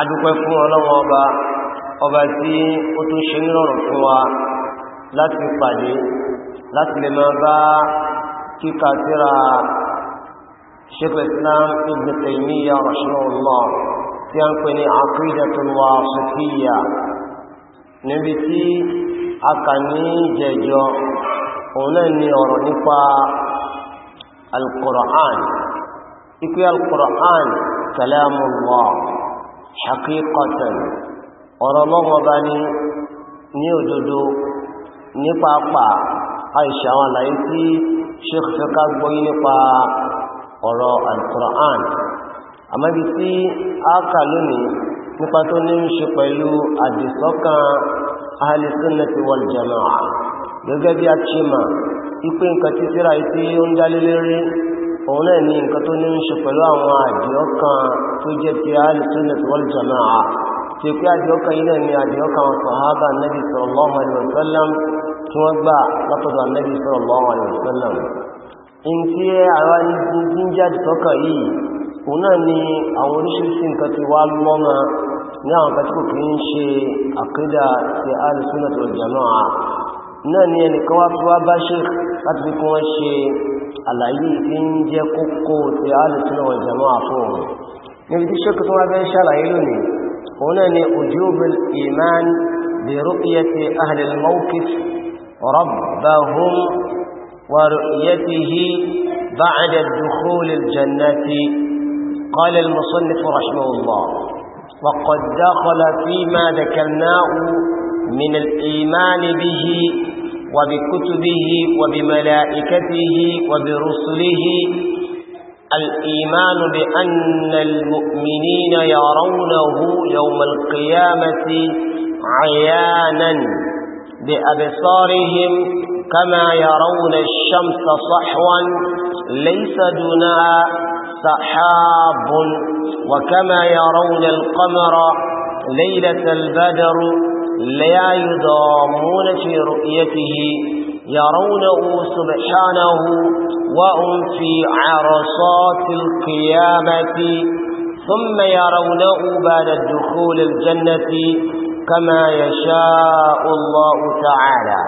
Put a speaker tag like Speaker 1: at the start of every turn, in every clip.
Speaker 1: adúpẹ́ fún ọlọ́wọ́ ọba ọba tí ó tún ṣe nírọ̀rùn fún wa láti pàdé láti lè máa bá kíkà síra Shaykh al-Islam Ibn Taymiyyah rahimahullah tí a ń pè ní Aqidatul Wasitiyyah níbi tí a kà ní jẹjọ òun náà ni ọ̀rọ̀ nípa al-Qur'an ikú al-Qur'an hakikatan ọ̀rọ̀ lọ́wọ́ bá ní ní òdodo nípa pa àìṣà àwọn àlàyé tí sheikh fika gbóyí nípa ọ̀rọ̀ al-Qur'an àmọ́bí tí a kà lónìí nípa tó ní ń ṣe pẹ̀lú àdìsọ́kàn ahli sunnati wal jama'a òun náà ní nǹkan tó ní ń ṣe pẹ̀lú àwọn àdìọ́kan tó jẹ́ ti alìsúnnẹ̀tì wal jamaa tí ó pé àdìọ́kan yìí náà ní àdìọ́kan sọ̀hábà nẹ́bí sallallahu alaihi wasallam tí wọ́n gbà látọ̀dọ̀ nẹ́bí sallallahu alaihi wasallam in tí ara ní gbígbín jáde tọ́kàn yìí òun náà ní àwọn oríṣiríṣi nǹkan ti wá lọ́nà ní àlàyé tí ń jẹ́ kókó ti alìsílẹ̀ wal jamaa fún òun níbi tí ṣókè tó wá be ṣàlàyé lónìí òun náà ni ojúbel iman bi ru'yati ahli al-mawqif rabbahum wa ru'yatihi ba'da dukhul al-jannati قال المصنف رحمه وبكتبه وبملائكته وبرسله الإيمان بأن المؤمنين يرونه يوم القيامة عيانا بأبصارهم كما يرون الشمس صحوا ليس دونها سحاب وكما يرون القمر ليلة البدر لا يضامون في رؤيته يرونه سبحانه وهم في عرصات القيامة ثم يرونه بعد الدخول الجنة كما يشاء الله تعالى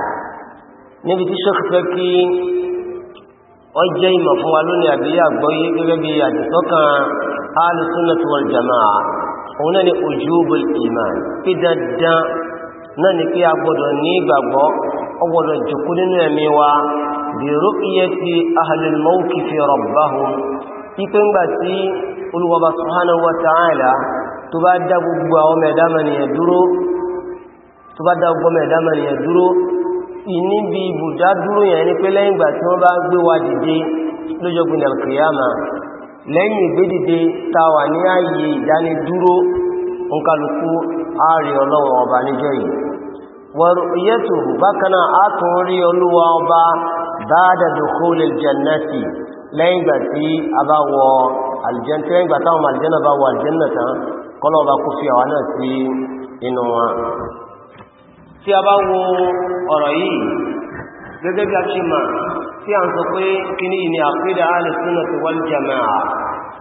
Speaker 1: نبي تشخ تكي وجي مفهوم لنا بيا بوي بيا تتوقع آل السنة والجماعة هنا لأجوب الإيمان إذا الدم náà ni pé a gbọ́dọ̀ ní ìgbàgbọ́ ọ gbọ́dọ̀ jùkú nínú ẹ̀mí wa bí ru'yati si mawqifi rabbahum pípẹ́ ń gbà tí olùwọba subhanahu wa ta'ala tó bá dá gbogbo àwọn dúró tó bá dá gbogbo dúró ibùdá dúró yẹn ni pé lẹ́yìn ìgbà tí wọ́n bá gbé wa dìde lójọ́gbìn alkiyama lẹ́yìn ìgbédìde ta wà ní ààyè ìdánidúró òǹkàlùkù ààrẹ ọlọ́wọ̀n ọba níjọ́ yìí wàrùyẹ́tù bákaná átún rí olúwa ọba báadà dùkúlẹ̀ jannati lẹ́yìn gbà tí a bá wọ aljanta lẹ́yìn gbà táwọn aljanna bá wọ aljanna tán kọ́lọ̀ ọba kú fi àwọn náà sí inú wọn tí a bá wo ọ̀rọ̀ yìí gẹ́gẹ́ bí a ṣe mà tí a ń sọ pé kí ní ìní àpídà alìsúnàtì wal jama'a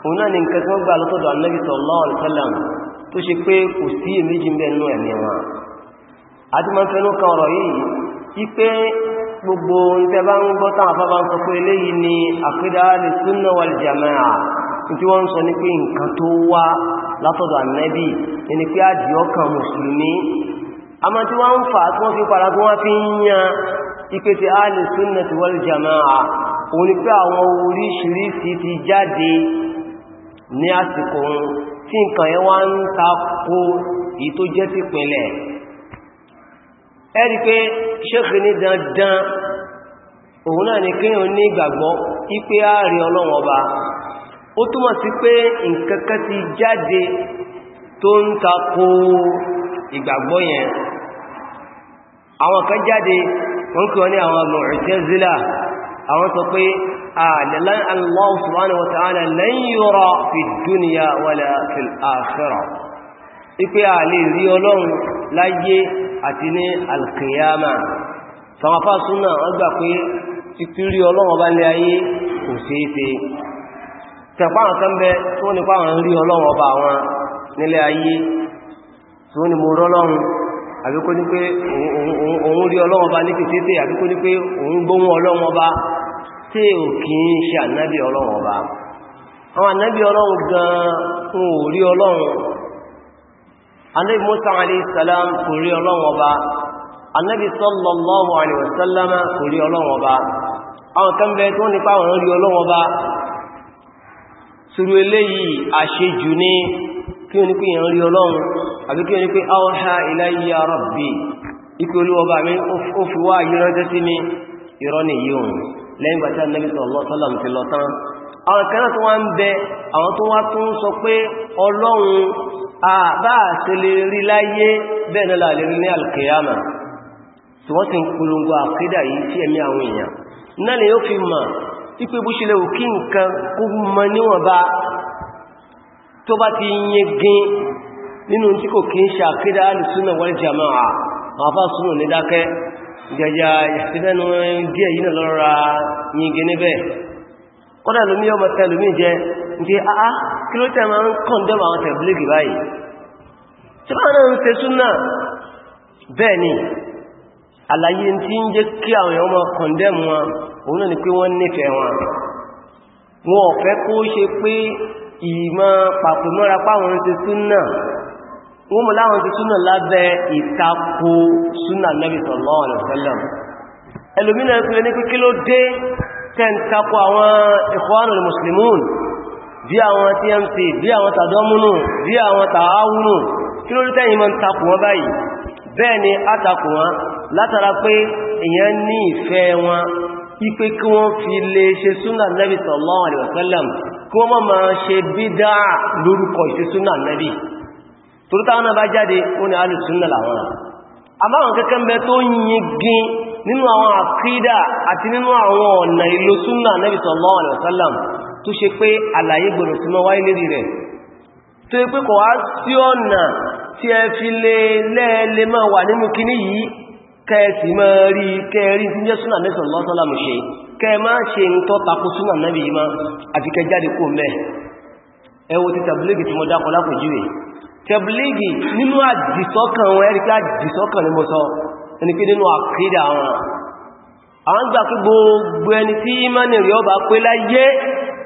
Speaker 1: òun náà ni nǹkan tí wọ́n gbà lọ́tọ̀dọ̀ annabi sallallahu tó ṣe pé kò sí èméjì mẹ́nu ẹ̀mí wọn àti mọ́ fẹ́ ló kan ọ̀rọ̀ yìí ipé gbogbo ìfẹ́ bá ń gbọ́ tán àfábá ń sọ pé eléyìí ni àkídà lè súnnà wal jama'a tí wọ́n ń sọ ní pé nǹkan tó wá látọ̀dọ̀ ànẹ́bì ẹni pé àdìọ́kàn mùsùlùmí a máa tí wọ́n ń fà tí wọ́n fi padà tí wọ́n fi ń yan ipé ti ahli sunnati wal jama'a òun ni pé àwọn oríṣiríṣi ti jáde ní àsìkò tí nǹkan yẹn wá ń tako èyí tó jẹ́ sí pínlẹ̀ ẹ́rí pé ṣéèkì ní dandan òun náà ni kí o ní ìgbàgbọ́ ipé ààrẹ ọlọ́run ọba ó túmọ̀ sí pé nkankan ti jáde tó ń takò ìgbàgbọ́ yẹn àwọn kan jáde wọ́n kí wọ́n ní àwọn Mu'tazila àwọn sọ pé àdàlán àti ní alkiyama tàwọn afá súnà wọ́n gbà pé títírí ọlọ́run ọba lé ayé kò sí ṣe bẹ rí ọlọ́run ọba wọn nílé ayé tó ní mo rọ́lọ́run àbíkó ní pé ọba ní àbíkó ọba tí ò ṣe ànábì ọba àwọn ànábì ọlọ́run gan-an Annabi Musa alayhi salam kò rí Ọlọ́run Ọba. Annabi sallallahu alayhi wa sallam kò rí Ọlọ́run Ọba. Àwọn kan bẹ tó nípa àwọn rí Ọlọ́run Ọba. Sùrù eléyìí àṣejù ní kí o ní pé ìyàn rí Ọlọ́run, àbí kí o ní pé awha ilayya rabbi. Ikú olúwọba mi ó fi wá ìrọ́jẹ́ sí mi, ìrọ́ ni yíò lẹ́yìn gbàtí Annabi sallallahu ti lọ Àwọn kan tó wá ń bẹ, àwọn tó wá tún sọ pé Ọlọ́run àbá àti lè rí láyé bẹ́ẹ̀ náà lè rí ní alkiyama tí wọ́n ti ń polongo àkídà yìí sí ẹ̀mí àwọn èèyàn náà lè yóò fi mọ̀ ipé bú ṣe lẹ́wò kí nǹkan kó mọ níwọ̀n bá tó bá ti yẹ gín nínú tí kò kí ń ṣe àkídà alùsúnà wal jamaa àwọn afá nke a'a kí ló tẹ́ ma ń kọ́ndọ́mà àwọn tẹ̀blígì báyìí tí bá náà ń ṣe súnà bẹ́ẹ̀ ni àlàyé tí ń jẹ́ kí àwọn ọmọ kọ̀ndẹ̀mù wọn òun náà ni pé wọ́n nífẹ̀ẹ́ wọn wọn ọ̀fẹ́ kó ṣe pé ìmọ̀ pàpù mọ́ra páwọn ṣe súnà wọ́n mọ̀ láwọn ṣe súnà lábẹ́ ìtakò súnà Nabi sallallahu alaihi wasallam ẹlòmínà ń pè ní pé kí ló bí àwọn tmc bí àwọn tàdọ́múnù bí àwọn tààwúnù kí ló rí tẹ́yìn mọ́ takù wọn báyìí bẹ́ẹ̀ ni a takù wọn látara pé èyàn ní ìfẹ́ wọn ipé kí wọ́n fi lè ṣe súnà Nabi sallallahu alaihi wasallam kí wọ́n má ṣe bídá Nabi torí táwọn náà bá jáde ó ní alù súnà làwọn àmọ́ àwọn kẹ́kẹ́ ń bẹ tó yingin nínú Nabi sallallahu alaihi wasallam tó ṣe pé àlàyé gbọdọ̀ tí mọ́ wáyé lérí rẹ̀ tó yẹ pé kọ̀ wá sí ọ̀nà tí ẹ fi lè lẹ́ẹ̀lẹ́ máa wà nínú kíní yìí kẹ́ẹ̀sì máa rí kẹ́ẹ̀rí tí jẹ́ súnà mẹ́sàn lọ́sọ́lá mọ̀ ṣe kẹ́ẹ̀ máa ṣe ń tọ́ tako súnà mẹ́bí yìí máa ni mo sọ ẹni àwọn gbà pé gbogbo ẹni tí mánì rí ọba pé láyé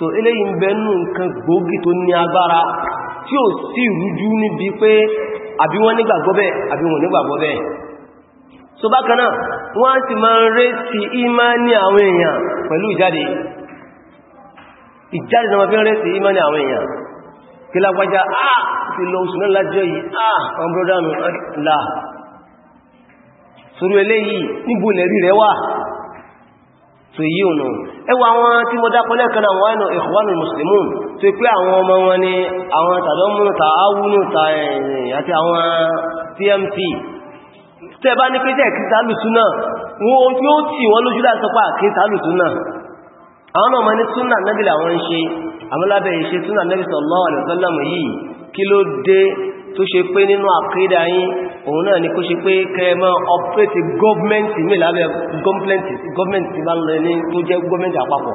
Speaker 1: so eléyìí ń bẹ nínú nǹkan gbòógì tó ní agbára tí ó sì rújú níbi pé àbí wọ́n nígbàgbọ́ bẹ́ẹ̀ àbí wọ́n nígbàgbọ́ bẹ́ẹ̀ so bákanáà wọ́n á sì máa ń rẹ́ sí ìmáni àwọn èèyàn pẹ̀lú ìjáde ìjáde náà fi ń rẹ́ sí ìmáni àwọn èèyàn kí lágbájá ah ti so yí ònà ẹwà àwọn tí mo dákọ lẹ́ẹ̀kanáà wọ́n ẹ̀nà Ikhwanul Muslimun tó pé àwọn ọmọ wọn ni àwọn tàdọ́mùnù ta áwúnù ta ẹ̀yìn eh, àti àwọn TMT tẹ́ bá ní pété kìtàlùsúnà wọ́n yóò tí wọ́n lójú lásọpá kìtàlùsúnà àwọn ọmọ ní súnà nẹ́bìlà wọ́n ń ṣe àmúlábẹ̀ ìṣe súnà nẹ́bìsọ̀ lọ́wọ́ tó ṣe pé nínú àkídà yín òun náà ni kó ṣe pé kẹrẹmọ́ ọ̀pẹ́tì gọ́ọ̀mẹ́ntì mi lábẹ́ gọ́ọ̀mẹ́ntì bá lọ ní tó jẹ́ gọ́ọ̀mẹ́ntì àpapọ̀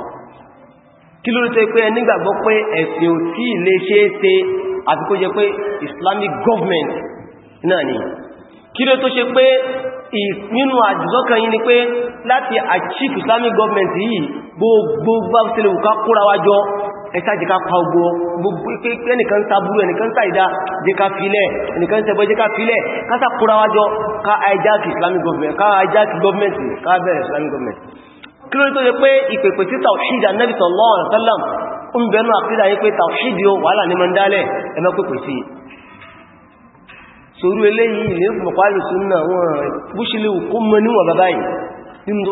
Speaker 1: kí ló tẹ́ pé nígbàgbọ́ pé ẹ̀sìn ò tí lè ṣe é ṣe àti kó jẹ́ pé islamic government náà ni kí ló tó ṣe pé nínú àjùsọ́kan yín ni pé láti achieve islamic government yìí gbogbo bá ẹta jẹ́ ká pa ogbó gbogbo pé nìkan ta burú ẹnìkan ta ìdá jẹ́ ká filẹ̀ ẹnìkan tẹ́bọ́ jẹ́ ká filẹ̀ kásà kúrawájọ́ ká hijack islamic government ká hijack government ká bẹ̀rẹ̀ islamic government kí ló tó jẹ́ pé ìpèpè sí tawhid anabi sallallahu alaihi wasallam ń bẹnu àkídà yí pé tawhid yóò wàhálà ní mọ́ndálẹ̀ ẹmọ́ pèpè sí sorú eléyìí ní mọ̀pálù súnnà wọn búṣílẹ̀ òkú mọ́ níwọ̀n bàbá yìí nínú tó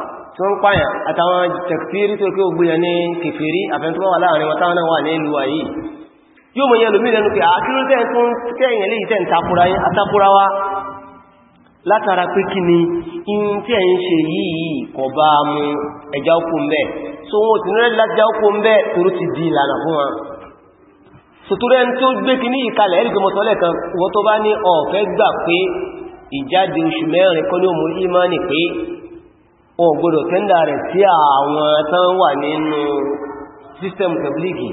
Speaker 1: tí wọ́n ń pààyàn àtàwọn tẹ̀kfírí tó kí ó gbìyàn ní kèfèrí àfẹ́ntúwà láàrin wọn táwọn wà ní ìlú ayé yóò mọ̀ yẹlùmí lẹ́nu pé àkírò tẹ́ tún tẹ́yìn lè tẹ́ àtakúrawa látara pé kí ni in tí ẹ̀yìn ṣe yìí kò bá mú ẹja okú ń bẹ́ so wọn ti rẹ̀ lájá okú ìjáde oṣù mẹ́rin kọ́ ní òmú ìmánì pé o gbọdọ̀ tẹ́ndà rẹ̀ sí àwọn tán wà nínú system tẹ̀blígì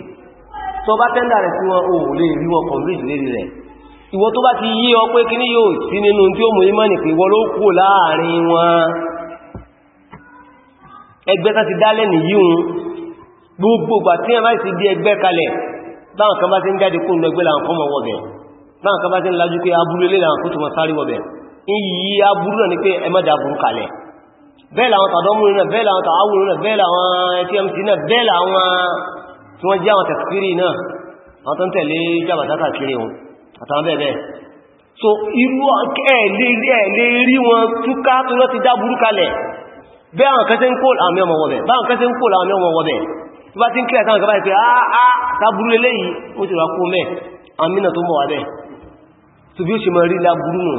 Speaker 1: tó bá tẹ́ndà rẹ̀ sí wọn o lè rí wọn convince lérí rẹ̀ ìwọ tó bá ti yí ọ pé kíní yóò sí nínú tí ó mú imọ́ nìpé wọ́n ló kú láàrin wọn ẹgbẹ́ tá ti dálẹ̀ nìyíun gbogbo ìgbà tí ẹ di ẹgbẹ́ kalẹ̀ láwọn kan bá ti ń jáde kún ẹgbẹ́ làwọn kọmọ wọ̀bẹ̀ láwọn kan bá ti ń ni pé ẹ má bẹ́ẹ̀ làwọn tàdọ́múrin náà bẹ́ẹ̀ làwọn tàwàwùrin náà bẹ́ẹ̀ làwọn tmc náà bẹ́ẹ̀ làwọn tí wọ́n jẹ́ àwọn tẹ̀sírí náà àwọn tó ń tẹ̀lé jàbàtà kàkiri wọn àtàwọn bẹ́ẹ̀ so irú ẹ̀lẹ́ rí wọn túká tó lọ ti dá burú kalẹ̀ bẹ́ẹ̀ àwọn kẹsẹ́ ń kó àmì ọmọ wọ́bẹ̀ báwọn kẹsẹ́ ń kó àmì ọmọ wọ́bẹ̀ tó bá ti ń kílẹ̀ sáwọn kẹbàá ìpé àá tábúrú eléyìí ó ti rà kó mẹ́ àmìnà tó mọ̀ wà bẹ́ẹ̀ tó bí ó ṣe mọ̀ rí láburú nù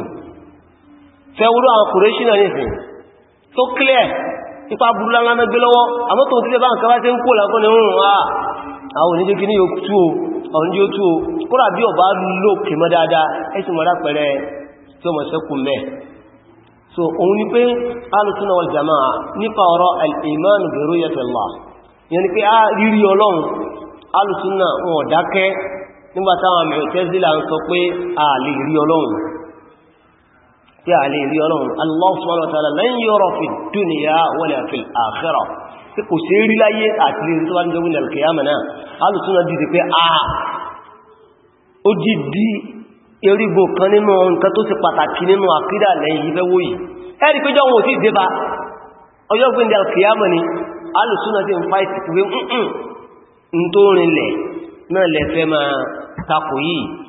Speaker 1: fẹ́ wúrú àwọn tó clear ipa burú lánlá mẹ́gbé lọ́wọ́ àmọ́ tó ti lè bá nǹkan bá ṣe ń kó lákọ́ ní oòrùn wá ah, àwọn oníjẹ́ kí ní yóò tú o àwọn oníjẹ́ ó tú o kódà bí ọba lò kì mọ́ dáadáa ẹ̀sìn mọ́dá pẹ̀rẹ̀ tí ó mọ̀ sẹ́kù mẹ́ so òun ni pé alùsùnà wal jamaa nípa ọ̀rọ̀ al-iman bi ru'yatillah yẹn ni pé a ah, rírí ọlọ́run alùsùnà wọn dákẹ́ nígbàtàwọn mẹ́tẹ́zílà ń sọ pé ah, a lè rí tí a lè rí ọlọ́run Allah subhanahu wa ta'ala lan yura fi dunya wala fil akhirah tí kò sí rí láyé àti rí tó bá ń jẹun al-qiyamah náà alùsúnà dìde pé a ó dìdí erígbò kan nínú nǹkan tó sì pàtàkì nínú àkídà lẹ́yìn ìfẹ́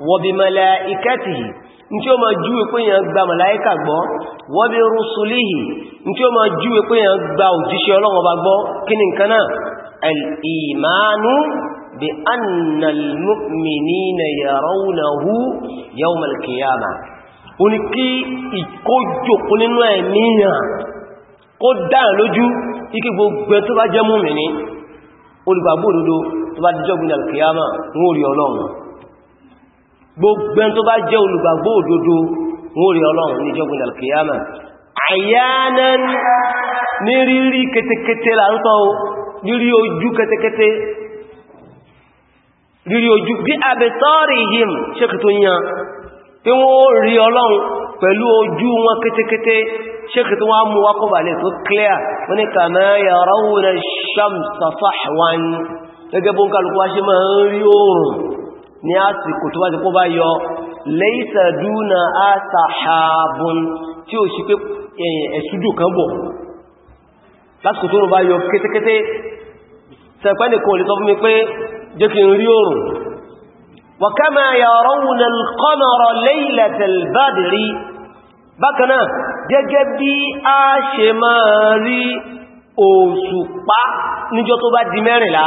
Speaker 1: wọ́bí mẹ́láìkẹ́tìhì tí ó ma júwe pé yàn gba mẹ́láìkà gbọ́ wọ́bí rúsùlìhì tí ó ma júwe pé yàn gba òjíṣẹ́ Ọlọ́run bá gbọ́ kí ni nǹkan náà al-imanu bi ní kí ìkójòkó nínú ẹ̀míyàn kó dáyàn tó bá jẹ́ mùmìnì olùgbàgbọ́ òdodo tó Ọlọ́run gbogbo tó bá jẹ́ olùgbàgbọ́ òdodo wọ́n rí ọlọ́run ní jọ́gbìn alkiyama àyánán
Speaker 2: ní rírí kẹtẹkẹtẹ láńtọ́
Speaker 1: rírí ojú kẹtẹkẹtẹ rírí ojú bí àbẹ̀tọ́rì him ṣékì tó yán tí wọ́n rí ọlọ́run pẹ̀lú ojú wọn kẹtẹkẹtẹ ṣékì tó wọ́n mú wákọ̀bàlẹ̀ tó clear wọ́n ni kàmẹ́ yàráwò ní àsìkò tó bá ti kó bá yọ laysa duna asahabun tí ó sì pé ẹ̀ṣújò kan bọ̀ lásìkò tó bá yọ kétékété sẹ̀pẹ́lẹ̀ kan lè sọ fún mi pé jẹ́ kí n rí oòrùn wa kama yarawna al-qamara tó bá di mẹ́rìnlá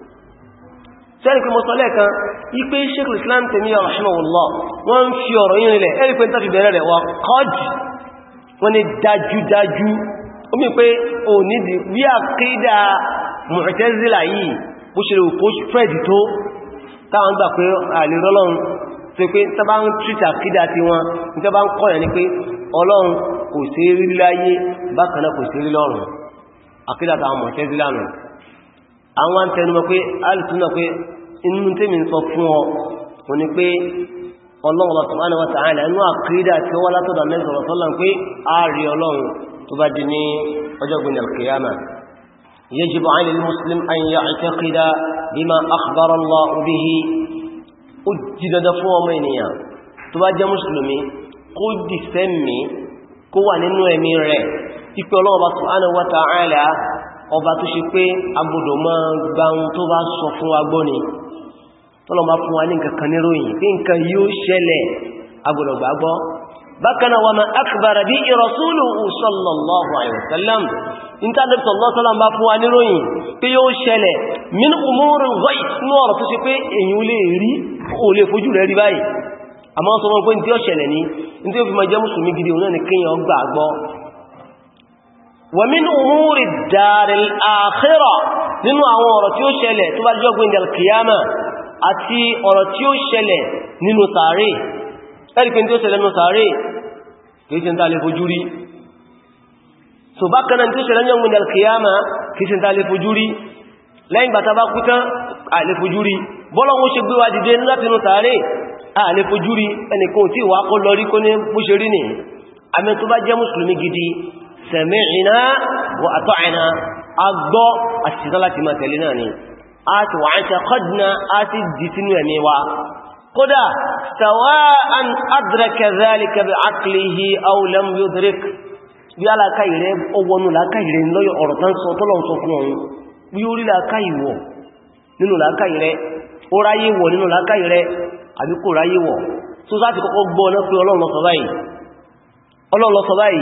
Speaker 1: sẹ́rì pé mo sọ lẹ́ẹ̀kan ipé Sheikhul Islam Taymiyya rahimahullah wọ́n ń fi ọ̀rọ̀ yìí rẹ̀ ẹ̀rí pé tàbí bẹ̀rẹ̀ rẹ̀ wà kọ́jì wọ́n ni dájúdájú omi pé o nídi bí àkídà Mu'tazila yìí bó ṣe kó spread tó táwọn gbà pé àlè rọ́lọ́run tó pé tàbá ń tríta àwọn tẹnumọ̀ pé alìsúnà pé inú tèmi sọ fún ọ kò ní pé ọlọ́run subhanahu wa ta'ala inú àkídà tí ó wá látọ̀dọ̀ mẹ́sọ̀rọ̀ sọ́lá pé a rí ọlọ́run tó bá di ní ọjọ́gbìn alkiyama yajibu 'ala al-muslim an ya'taqida bima akhbara Allahu bihi ó ọba tó ṣe pé agbọ́dọ̀ máa gba ohun tó bá sọ fún wa gbọ́ ni tọ́lọ bá fún wa ní nǹkan kan níròyìn pé nǹkan yóò ṣẹlẹ̀ agbọ́dọ̀ gbàgbọ́ wa ma akbara bí rasuluhu sallallahu alaihi wasallam intanet sallallahu alaihi wasallam bá fún wa níròyìn pé yóò ṣẹlẹ̀ min umuri ghaib ní ọ̀rọ̀ tó ṣe pé èyàn lè rí o lè fojú rẹ̀ rí báyìí àmọ́ sọ wọn pé wa min umuri daril akhirah nínú àwọn ọ̀rọ̀ tí ó ṣẹlẹ̀ tó bá jọ́gbìn del kiyama àti ọ̀rọ̀ tí ó ṣẹlẹ̀ nínú sàárè ẹ́rìkín tí ó ṣẹlẹ̀ nínú sàárè kìí ṣe ń tàlẹ̀ fojú rí so bákanáà tí ó ṣẹlẹ̀ jọ́gbìn del kiyama kìí ṣe ń tàlẹ̀ sami'na wa ata'na agbọ́ àṣìṣẹ́ láti máa tẹ̀lé náà ni a ti wà ń ṣàkọ́dìna a ti dì sínú ẹ̀mí wa kódà sawa'an adraka zalika bi aqlihi aw lam yudrik bí alákàí rẹ̀ ọwọ́nú lákàí rẹ̀ lọ́yọ̀ ọ̀rọ̀ tán sọ tọ́lọ̀ sọ fún ọ̀run bí orí lákàí wọ̀ nínú lákàí rẹ̀ àbí kò ráyé wọ̀ tó sáti kọ́kọ́ gbọ́ náà pé ọlọ́run lọ sọ báyìí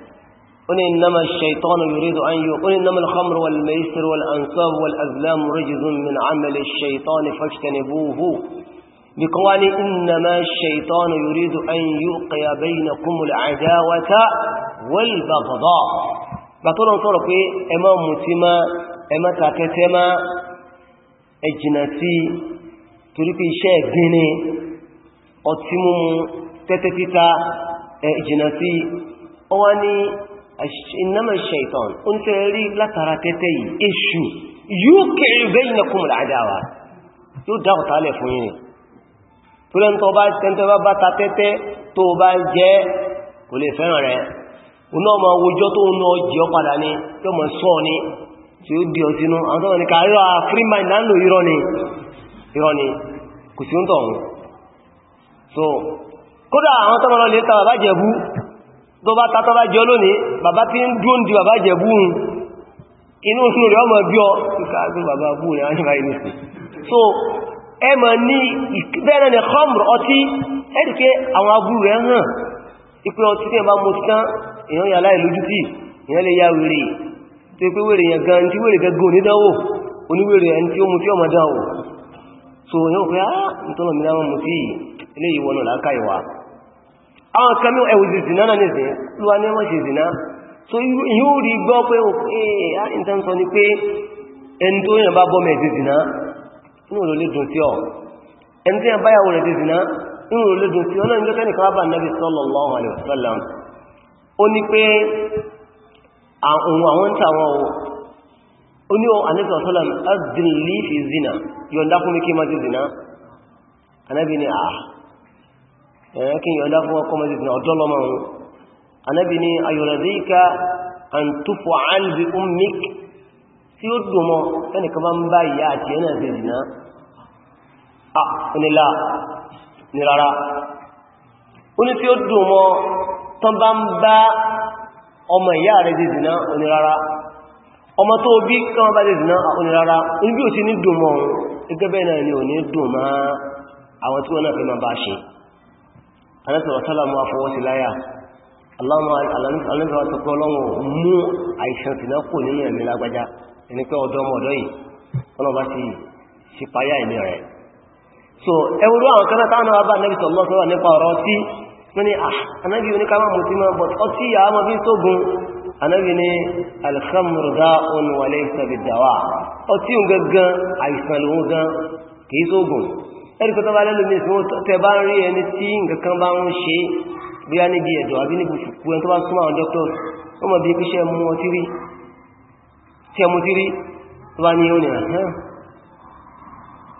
Speaker 1: قل إنما الشيطان يريد أن يقول إنما الخمر والميسر والأنصاب والأزلام رجز من عمل الشيطان فاجتنبوه بقوال إنما الشيطان يريد أن يوقي بينكم العداوة والبغضاء بطول نصرك إما متما إما تاكتما إجنسي تريد شيء ديني أتمم تتتتا إجنسي أواني إنما الشيطان أنت يريد لا ترى تتي إشو يوقع بينكم العداوة يدغط عليه فيني فلن توبا تن توبا باتا تتي توبا جي ولي فهمنا ونو ما وجو تو نو جيو padà ni yo mo so ni tí ó di osinu àwọn tó ní ka iro a free mind nan lo irọ́ ni irọ́ ni kò sí on to so kódà tó bá tátọ́ bá jẹ́ lónìí bàbá tí ń dúó di bàbá jẹ̀ búhun inú sínú rẹ̀ ọmọ bí ọ ìkàgbé bàbá búhun ní àjíbá inú sí so ẹ mọ̀ ní bẹ́ẹ̀rẹ̀ ní khamr ọtí ẹ́dìkẹ́ àwọn agbúrú rẹ̀ hàn ipé ọtí tí ẹ bá mọ̀ tán èèyàn yà láì lójú so èèyàn pé á nítorí mìíràn mọ̀ sí ilé ìwọ̀nà lákàíwàá àwọn kan mẹ́wàá ẹwù zìzìnà náà nìsìn lúwa ní wọ́n ṣe zìnà so yóò rí gbọ́ pé ìtànsọ eh, ah, ni pé ẹni tó yàn bá bọ́mẹ̀ zìzìnà inú ló lè dùn sí ọ ẹni tó yàn bá inú ló lè dùn sallallahu alaihi wasallam ó ní pé àwọn àwọn ń tàwọn o ó ní àníkà sọ́lá adìlì fi zìnà yọ̀ndá fún mi ẹ̀ẹ́kí yọ̀ndá fún ọkọ̀mọ̀dé ìfìnà ọ̀dọ́lọ́mọ̀ ohun anábi ni ayọ̀rọ̀díkà an túfọ̀ albi ummik tí ó dùnmọ́ ẹnìkan bá ń bá ìyá àti ẹ̀nà ìzìnà nílá ní rárá ó ní tí ó dùnmọ́ tán bá ń bá ọmọ ìyá rẹ̀ ìzìnà ní rárá ọmọ tó bí kán bá ìzìnà ní bá ṣe alẹ́sọ̀rọ̀ sálàmù afọwọ́sí láyà aláwọ̀ alẹ́sọ̀rọ̀ tó kọ́ lọ́wọ́ mú àìsàn sí náà kò nínú ẹ̀mí lágbájá ẹni pé ọ̀dọ́ ọmọdọ́ yìí wọ́n bá ti ṣe páyà ẹ̀mí rẹ̀ so ẹwúrú àwọn kan táwọn náà bá nẹ́bí sọ̀lọ́ sọ́rọ̀ nípa ọ̀rọ̀ ọtí wọ́n ni anábì ah, oníkàmà mú sí máa bọ̀t ọtí yà á mọ́ fi sógun anábì ni alhamdulilá òun wà lẹ́yìn sọ̀bì dàwà ọtí òun gan kìí sógun ẹ̀rí pẹ̀tọ́ bá lẹ́lùmí sí wọ́n tẹ́ bá ń rí ẹni tí nǹkan bá ń ṣe bóyá níbi ẹ̀dọ̀ àbí níbi ṣùkú ẹni tó bá súnmọ́ àwọn doctors ó mọ̀ bí i píṣẹ́ mú ọtí tí ẹmú tí tó bá ní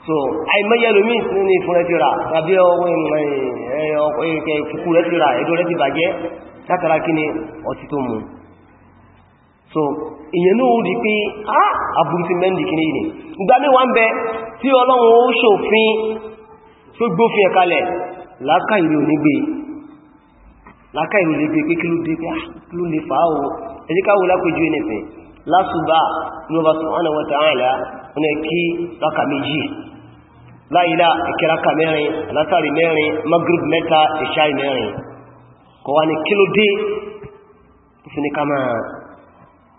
Speaker 1: so àìmọ́yẹ lómi ní ìfún rẹ̀ ti rà tàbí ọwọ́ ìrìn ẹ̀kẹ́ ìfúkú rẹ̀ ti rà ẹ̀dọ̀ rẹ̀ ti bàjẹ́ so ìyẹn ló rí pé á àbúrúsí mẹ́ndì kìí ní ìgbà mẹ́wàá ń bẹ tí ọlọ́run ó ṣòfin tó gbófin ẹ̀kalẹ̀ láká ìlú onígbé láká ìlú lè gbé pé kí ló dé pé kí ló lè fà á o ẹjíkáwò lápẹjú ẹnẹ̀fẹ̀ lásùbà ní láìlá ẹ̀kẹ́ rákà mẹ́rin alátàrí mẹ́rin magrib mẹ́ta ìṣáì mẹ́rin kọwa ni kí ló dé fún ní ká máa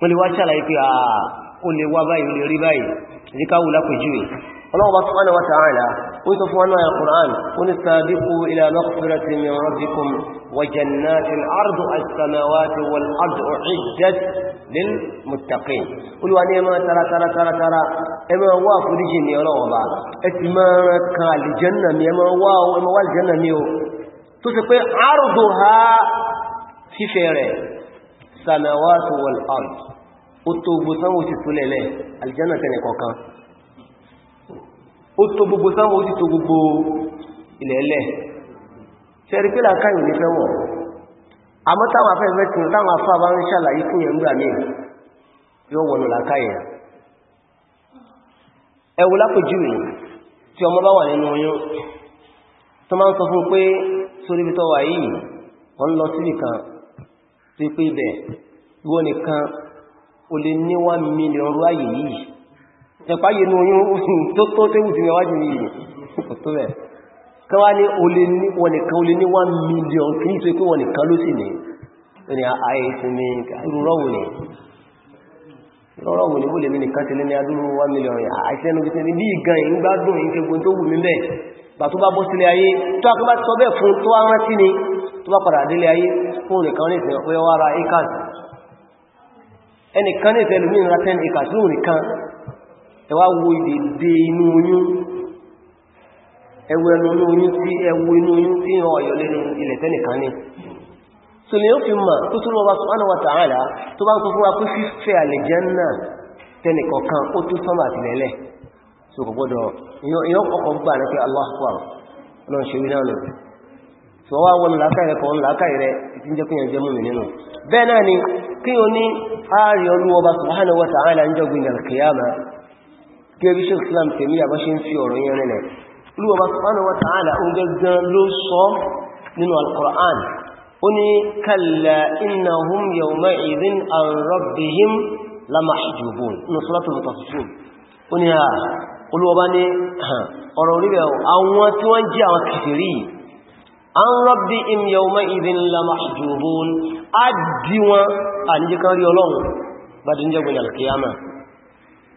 Speaker 1: wọ́n lè wá ṣàlàyé pé àà ah, o lè wá báyìí o lè rí báyìí ríkáwù lápèjúwe ọlọ́wọ́ subhanahu wa ta'ala ó sọ fún wọn al-Qur'an ó ní sabiqu ila maghfiratin min rabbikum wa jannatin ardu as-samawati wal ardu u'iddat lil muttaqin olúwa ní ẹmọ tara tara tara tara ẹmọ fífẹ́ rẹ̀ samawati wal ard ó tó gbogbo sánwò sì tó lẹ́lẹ́ aljanna tẹ́nì kọ̀ọ̀kan ó tó gbogbo sánwò ni tó gbogbo ilẹ̀ẹ́lẹ̀ ṣẹ́rí pé làkáyò ní fẹ́ wọ̀n àmọ́ táwọn afẹ́fẹ́ tí láwọn afá bá ń ṣàlàyé fún yẹn gbà mí yóò wọ̀nà làkáyè ẹwù lápòjúwe tí ọmọ bá wà nínú oyún tó máa ń sọ fún pé sórí bí tọ́wà yìí wọ́n lọ síbì kan tí pé ibẹ̀ gbọ́ nìkan o lè ní 1 million ráyè yìí ẹ̀pá yìí ní oyún tó tó tẹ́wù sí wájú yìí kò tó bẹ̀ kọwa ní wọ́n nìkan o lè ní 1 million kí ní tó pé wọ́n nìkan ló sì ní ní àìsí ní rọrùn ní rọrùn ní ó lè mí nìkan ti lé ní adúrú 1 tó bá padà délé ayé fóònù kan ní ìsìn ọ̀pẹ́ wá ra acres ẹnìkan ní ìsìn ẹlùmí ra 10 acres lóòrùn nìkan ẹwà wo ìdèdè inú oyún ẹwọ ẹnu oyún tí ẹwọ inú oyún tí ìran ilẹ̀ so lè ó fi ìyọ́ ọkọ̀ gbà ní pé Allah ṣe wí náà lọ́wọ́ tí wọ́n wá wọ́n lákàí rẹ̀ kọ̀ wọ́n lákàí rẹ̀ tí ń jẹ́ kíyàn jẹ́ múmi nínú bẹ́ẹ̀ náà ni kí o ní ààrẹ olúwọba subhanahu wa ta'ala ń jọgbìn alkiyama kí ebi sheikh islam tèmí àbá ṣe ń fi ọ̀rọ̀ yẹn rẹ̀ olúwọba subhanahu wa ta'ala ń gẹ́gẹ́ ló sọ nínú alkur'an ó ní ọ̀rọ̀ orí àwọn tí wọ́n jẹ́ àwọn kìfìrí an rabbi im yawma idhin la mahjubun adiwa anije kan rí Ọlọ́hun ba din je gbin alqiyama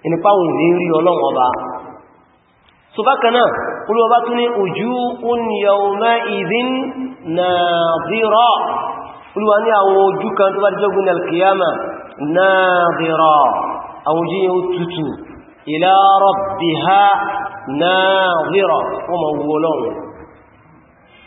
Speaker 1: in pa wọ́n ní rí Ọlọ́hun Ọba so bakana ulu ba tuni ujuun yawma idhin nadira ulu ani àwọn ojú kan tó bá je gbin alqiyama nadira àwọn ji ó tutù ila rabbiha nadira o mo wo Ọlọ́hun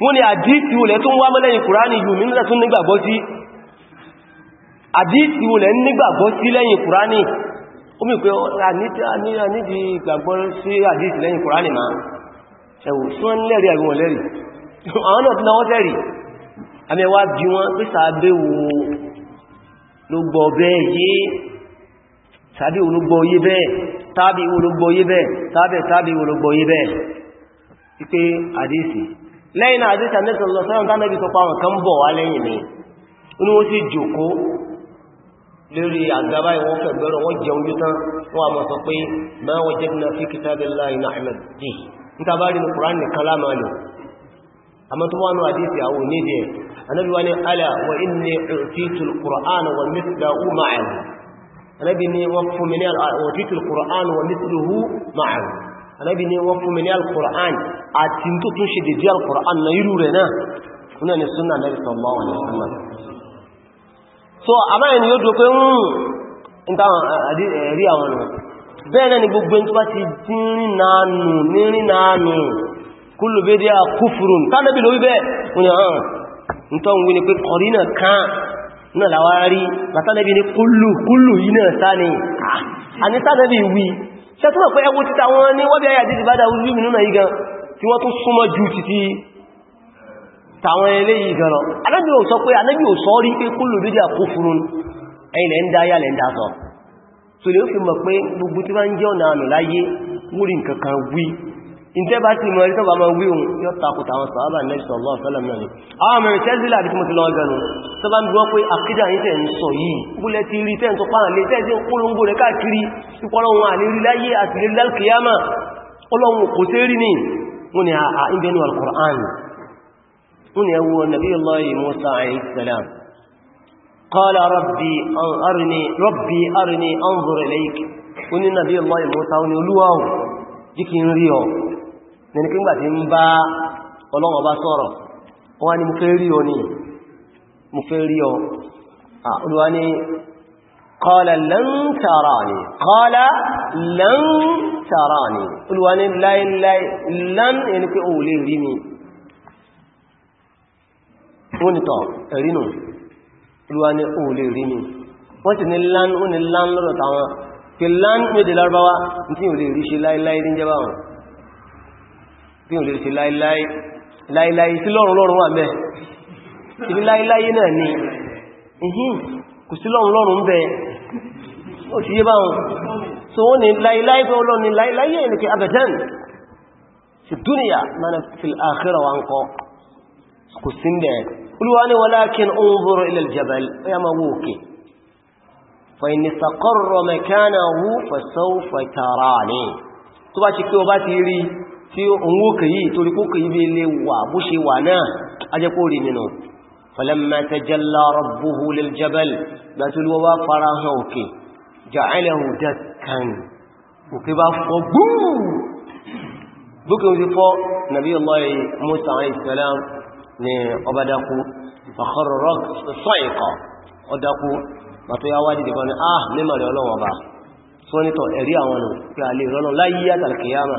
Speaker 1: wọ́n ni àdíìsì olè tó ń wá mọ́lẹ́yìn kùránì yìí mínúta tó nígbàgbọ́ sí àdíìsì olè nígbàgbọ́ sí lẹ́yìn kùránì ó mì pé àníjì ìgbàgbọ́ sí àdíìsì lẹ́yìn kùránì máa ẹ̀wò sún lẹ́rí àwọn lẹ́rí àwọn náà tí náwọ́ tẹ́rì àmẹ́wà bí wọ́n pé sàábéwò ló gbọ́ lẹ́yìn náà àti ìtànẹ́sì lọ sẹ́wọ̀n tánàbí tó pàwọn kan bọ̀ wá lẹ́yìn mi inú ó sì jòkó lórí àgbàbá ìwọ́n fẹ̀gbẹ̀rọ wọ́n jẹun jú tán wọ́n a mọ̀ sọ pé máa wọ́n jẹ́ náà fi kitabillahi nahmed dì níta bá rí nìkùrán nìkan láàmà lò àmọ́ tó wọ́n náà àdíṣẹ́ àwọn onídì anábi ni wọ́n fún mi ní alkùrán àti tó tún ṣe dèjì alkùrán na irú rẹ̀ náà fún ẹni súnà anábi so àmá ẹni yóò dókè ń táwọn ẹ̀rí àwọn ọ̀nà bẹ́ẹ̀ náà ni gbogbo ẹni tó bá ti dín nánú nírin nánú kullu bid'a kufrun tánàbí lórí bẹ́ẹ̀ fún ni ọ̀hán ń tọ́ ń ṣe tó mọ̀ pé ẹwọ́ títà wọn ní wọ́bí ayà dìdì bá dá orí mi nínú ìgan tí wọ́n tó súnmọ́ jù títí tàwọn eléyìí gan lọ anábì ò sọ pé anábì ò sọ rí pé kúlù dídí àkófurun ẹ̀yìnlẹ̀ ń dáyà lẹ́ so lè ó ìtẹ́ bá ti mọ̀ ẹ̀rí tọ́bà máa wí ohun yóò takùtà àwọn sàábà Nabi sallallahu alaihi wasallam náà ni àwọn mẹ́rin tẹ́sílà àti mọ̀tí lọ́wọ́ gẹnu tó bá ń gbọ́ pé àkídà yìí tẹ́ ń sọ yìí gúlẹ̀ ti rí tẹ́ ń tó pàrà lè tẹ́ ìpolongo rẹ̀ káàkiri ìpọ́lọ́run àlérí láyé àti lè lálkìyàmà ọlọ́run kò sí rí rí ọ̀ nínú kí ń gbà tí ń bá ọlọ́wọ́ bá sọ̀rọ̀ wọ́n ni mo fẹ́ rí ọ ní mo fẹ́ rí ọ olúwa ni qala lan tarani qala lan tarani olúwa ni láìláì lán ẹni pé ní tí bí o lè ṣe láíláí láíláí sí lọ́rùn lọ́rùn wà mẹ́ ibi láíláí náà ni ìhìn kò sí lọ́rùn lọ́rùn bẹ́ ó ti yé bá wọn so wọ́n ni láíláí pé ọlọ́run ni láíláí ẹni kí abẹ̀tẹ́n sí dúnìyà mana fi àkírà wa ń kọ́ kò sí ń bẹ̀ olúwa ni walakin unzur ila al-jabal tí òun ó kèyí torí kó kèyí bí ilé wà bó ṣe wà náà ajẹ́kó rí nínú falamma tajalla rabbuhu lil jabal gbàtúlúwọ́ wá fara hàn òkè ja'alahu dakkan òkè bá fọ́ gbúrú bókè ah, ẹ̀rí àwọn nù pé a láyé àtàlùkìyàmà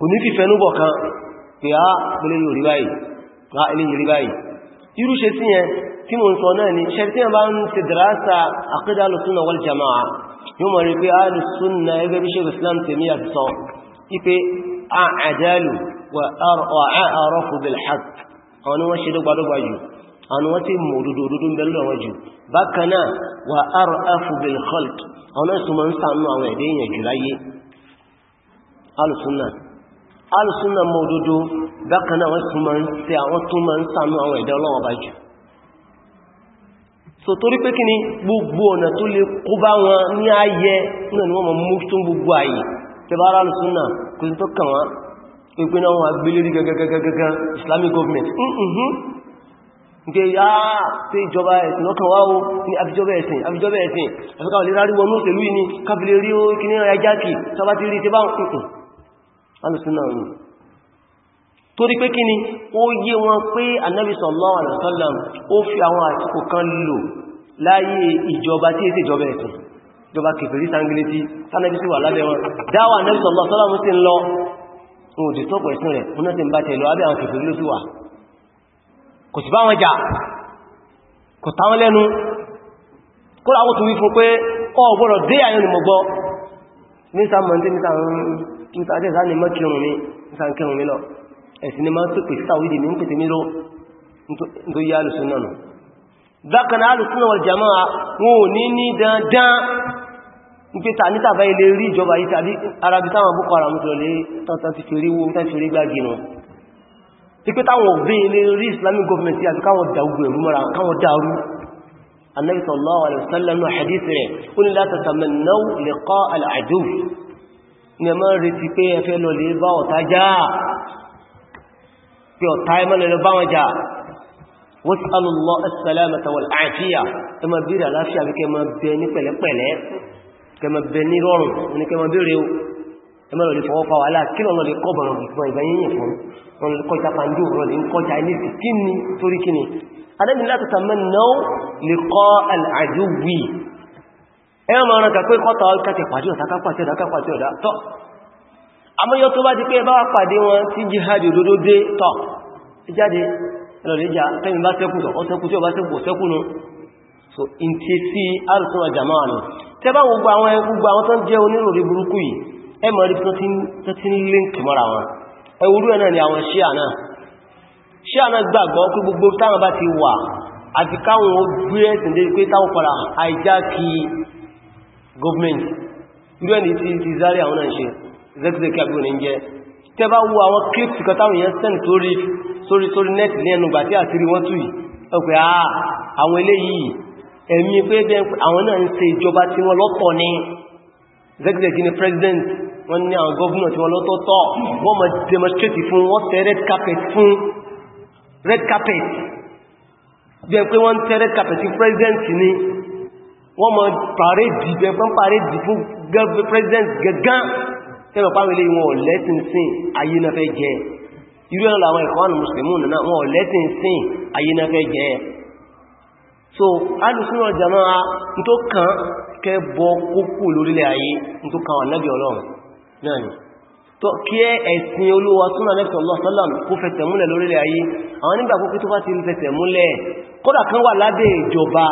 Speaker 1: kò ní fi fẹnúbọ̀ kan pé á gbélé yóò rí báyìí á ilé yìí rí báyìí irú ṣe sí yẹn tí mo ń sọ náà ni ṣe tí bá ń ṣe dìrásà àkídà lùsúnà wal jama'a yóò mọ̀ rí pé á lùsúnà ẹgbẹ́ bí ṣe islam tèmi àti sọ ipé a àjálù wà àrọ́fù bilhaq àwọn ni wọ́n ṣe dọ́gbadọ́gba jù ń bẹ̀rẹ̀ àwọn ẹ̀dẹ́ yẹn jù láyé alùsùnà mọ̀ òdodo ọdọdọ wọ́n tún ń tẹ àwọn tún ma ń sànú àwọn ẹ̀dá ọlọ́wọ́ bá jù so torí pé kí ni gbogbo ọ̀nà tó lè kó bá wọn ní ayẹ gbogbo nke ya tí ìjọba ẹ̀sìn lọ́kàn wá o ní àbíjọba ẹ̀sìn àbíjọba ẹ̀sìn àfikà òṣèlú kábílẹ̀ rí kí ní ọ̀yá alùsùnà òun torí pé kí ni ó yé wọn pé Ànábì sallallahu alaihi wasallam ó fi àwọn àsìkò kan lò láyé ìjọba tí èsì ìjọba ẹ̀sìn ìjọba kèfèrí sangilétí sánàbí sí wà lábẹ́ wọn dáwà Ànábì sallallahu alaihi wasallam sí ń lọ ohun òdì sọ́pọ̀ ẹ̀sìn rẹ̀ múná ti ń nígbàtí ìsá ni mọ́kírùn mi ìsánkírùn mi lọ ẹ̀sìn ni máa tó pè sáwídì ní pètè mílò tó yá alùsùn náà nù bákan alùsùn wal jamaa wọn ò ní ní dandan nípe tà nítàbá ilé rí ìjọba yìí tàbí arabi táwọn boko haram tó lè tọ́tàn ti fèrí wo tàbí fèrí gbági nù tí pé táwọn òbí ilé rí islamic government yìí àti káwọn dàúgbò ẹ̀rú mọ́ra káwọn dàrú annabi sallallahu alaihi wasallam hadith rẹ̀ ó ní la tatamannaw liqa al-aduw ni ẹ máa retí pé ẹ fẹ́ lọ lè bá ọ̀tá já pé ọ̀tá ẹ máa lọ bá wọn já wọ́sàlùlọ́ ẹ̀sàlámẹ́ta wal àfíà ẹ máa bèèrè àláfíà kẹ́ máa bẹ ní pẹ̀lẹ́pẹ̀lẹ́ kẹ́ máa bẹ ní rọrùn ní kẹ́ máa bèèrè ẹ máa lọ lè fọwọ́ fáwọ́ alá kí lọ́nà lè kọ́ bọ̀rọ̀ gbogbo ìgbà yínyìn fún wọn lè kọjá pàndú rọ̀ lè kọjá ilé sí kí ni torí kí ni adẹ́bìnlá tó sàmẹ́ náà lè kọ́ àjò wí ẹ̀yàn ma ránkà pé kọ́ta ọkàtẹ̀ pàdé ọ̀tà kápàtẹ̀ ọ̀tà kápàtẹ̀ ọ̀dá tọ́ àmọ́yọ́ tó bá ti pé bá pàdé wọn tí jihad òdodo dé tọ́ jáde ẹlọ́lẹ́jà tẹ́yìn bá sẹ́kù tọ́ sẹ́kù tí ó bá sẹ́kù so in ti sí alùsùn àjàmọ́ àmì tẹ́ bá gbogbo àwọn gbogbo àwọn tó ń jẹ́ oníròrí burúkú yìí link mọ́ra wọn ẹwúrú ni àwọn ṣíà náà ṣíà náà gbàgbọ́ pé gbogbo táwọn bá ti wà àti káwọn ó gbé ẹ̀sìn dé pé táwọn padà àìjá kí government irú ẹni tí ti zari àwọn náà ṣe zẹ́kìzẹ́kì àbí òní jẹ́ tẹ́ bá wo àwọn clips kan táwọn èèyàn send sórí sórí sórí net lẹ́nu gbà tí àṣírí wọ́n tú yìí ọkùnrin àà àwọn eléyìí ẹ̀mí pé àwọn náà ń ṣe ìjọba tí wọ́n lọ́tọ̀ ní zẹ́kìzẹ́kì ni president wọ́n ní àwọn gọ́ọ̀nà tí wọ́n lọ́tọ̀ọ̀tọ̀ demonstrate fún wọ́n red carpet fún red carpet bí ẹ red carpet fún president ni wọ́n mọ̀ pàrédì ẹgbọ́n pàrédì fún president gẹ̀gán tẹ́lọ̀ pàwọn ilé wọn lẹ́sìn sín ayé na fẹ́ jẹ irú ẹ̀rọ àwọn ìkọwànù mùsùlùmí náà wọn lẹ́sìn sín ayé na fẹ́ jẹ so alùsùn ọjà máa n tó kàn kẹbọ kókò lórílẹ̀ ayé n tó kàn ọ̀nàbí ọlọ́run náà ni tó kí ẹ ẹ̀sìn olúwa súnà lẹ́fẹ̀ ọlọ́sọ́lọ́m kó fẹsẹ̀ múlẹ̀ lórílẹ̀ ayé àwọn nígbàkókí tó bá ti fẹsẹ̀ múlẹ̀ kódà kan wà lábẹ́ ìjọba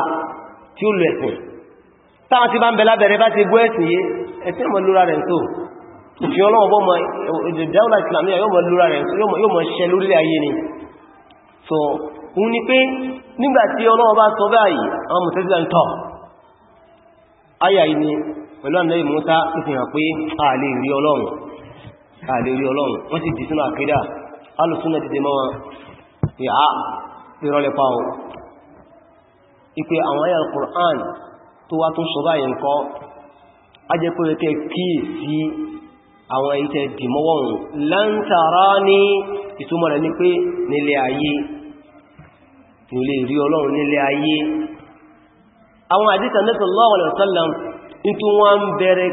Speaker 1: tí ó lọ ẹ̀sìn táwọn ti bá ń bẹ lábẹ̀rẹ̀ bá ti gbọ́ ẹ̀sìn yé ẹ̀sìn ọmọ lóra rẹ̀ tó ìfì ọlọ́wọ́ bọ́ mọ ìdáwọ́lá yóò mọ lóra rẹ̀ yóò mọ ṣẹ lórí ayé ni so òun ni pé nígbàtí ọlọ́wọ́ bá sọ báyìí àwọn mùsẹ́sílẹ̀ ń tọ̀ ayà yìí ni pẹ̀lú ànábì Mùsá fi hàn pé a lè rí ọlọ́run a ah, Al-Qur'an tó wá tún sọ báyìí nǹkan a jẹ́ pé kẹ́ kíyèsí àwọn ìtẹ́ dìmọ́wọ̀n lántàrá ní ìtumọ̀ rẹ̀ ní pé nílé ayé yóò lè rí ọlọ́run nílé ayé àwọn àdíkà Ànábì sallallahu alaihi wasallam ní tó wọ́n ń bẹ̀rẹ̀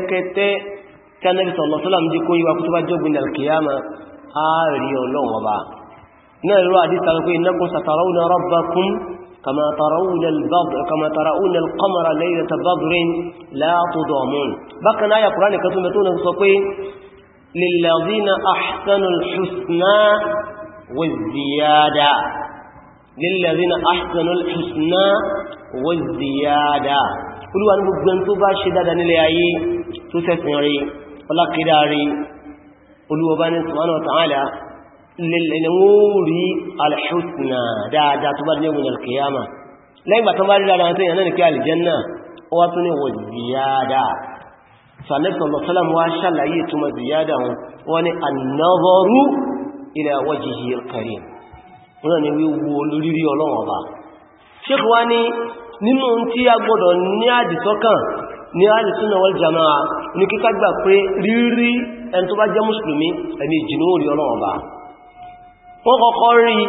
Speaker 1: kẹtẹ́ كما ترون البدر كما ترون القمر ليله بدر لا تضامون بقى نايا قران كتو متون سوقي للذين احسنوا الحسنى والزياده للذين احسنوا الحسنى والزياده كل وان بغن تو با دادا اي تو ولا كداري قلوا بان سبحانه وتعالى lẹ́lẹ́ni wọ́n rí alhusna dáadáa tó bá ní ẹgbùn alkiyama lẹ́gbà tó bá rí dáadáa tó yànà ní kí aljanna ó wá tún ní wọ ziyada sallallahu alaihi wa ṣàlàyé túnmọ̀ ziyada wọn wọ́n ni annazaru ila wajhihi alkarim wọ́n ni wíwo olórírí ọlọ́wọ́ bá sheikh wa ni nínú tí a ẹni tó bá jẹ́ mùsùlùmí ẹni ìjìnú orí ọlọ́wọ́ wọ́n kọ́kọ́ rí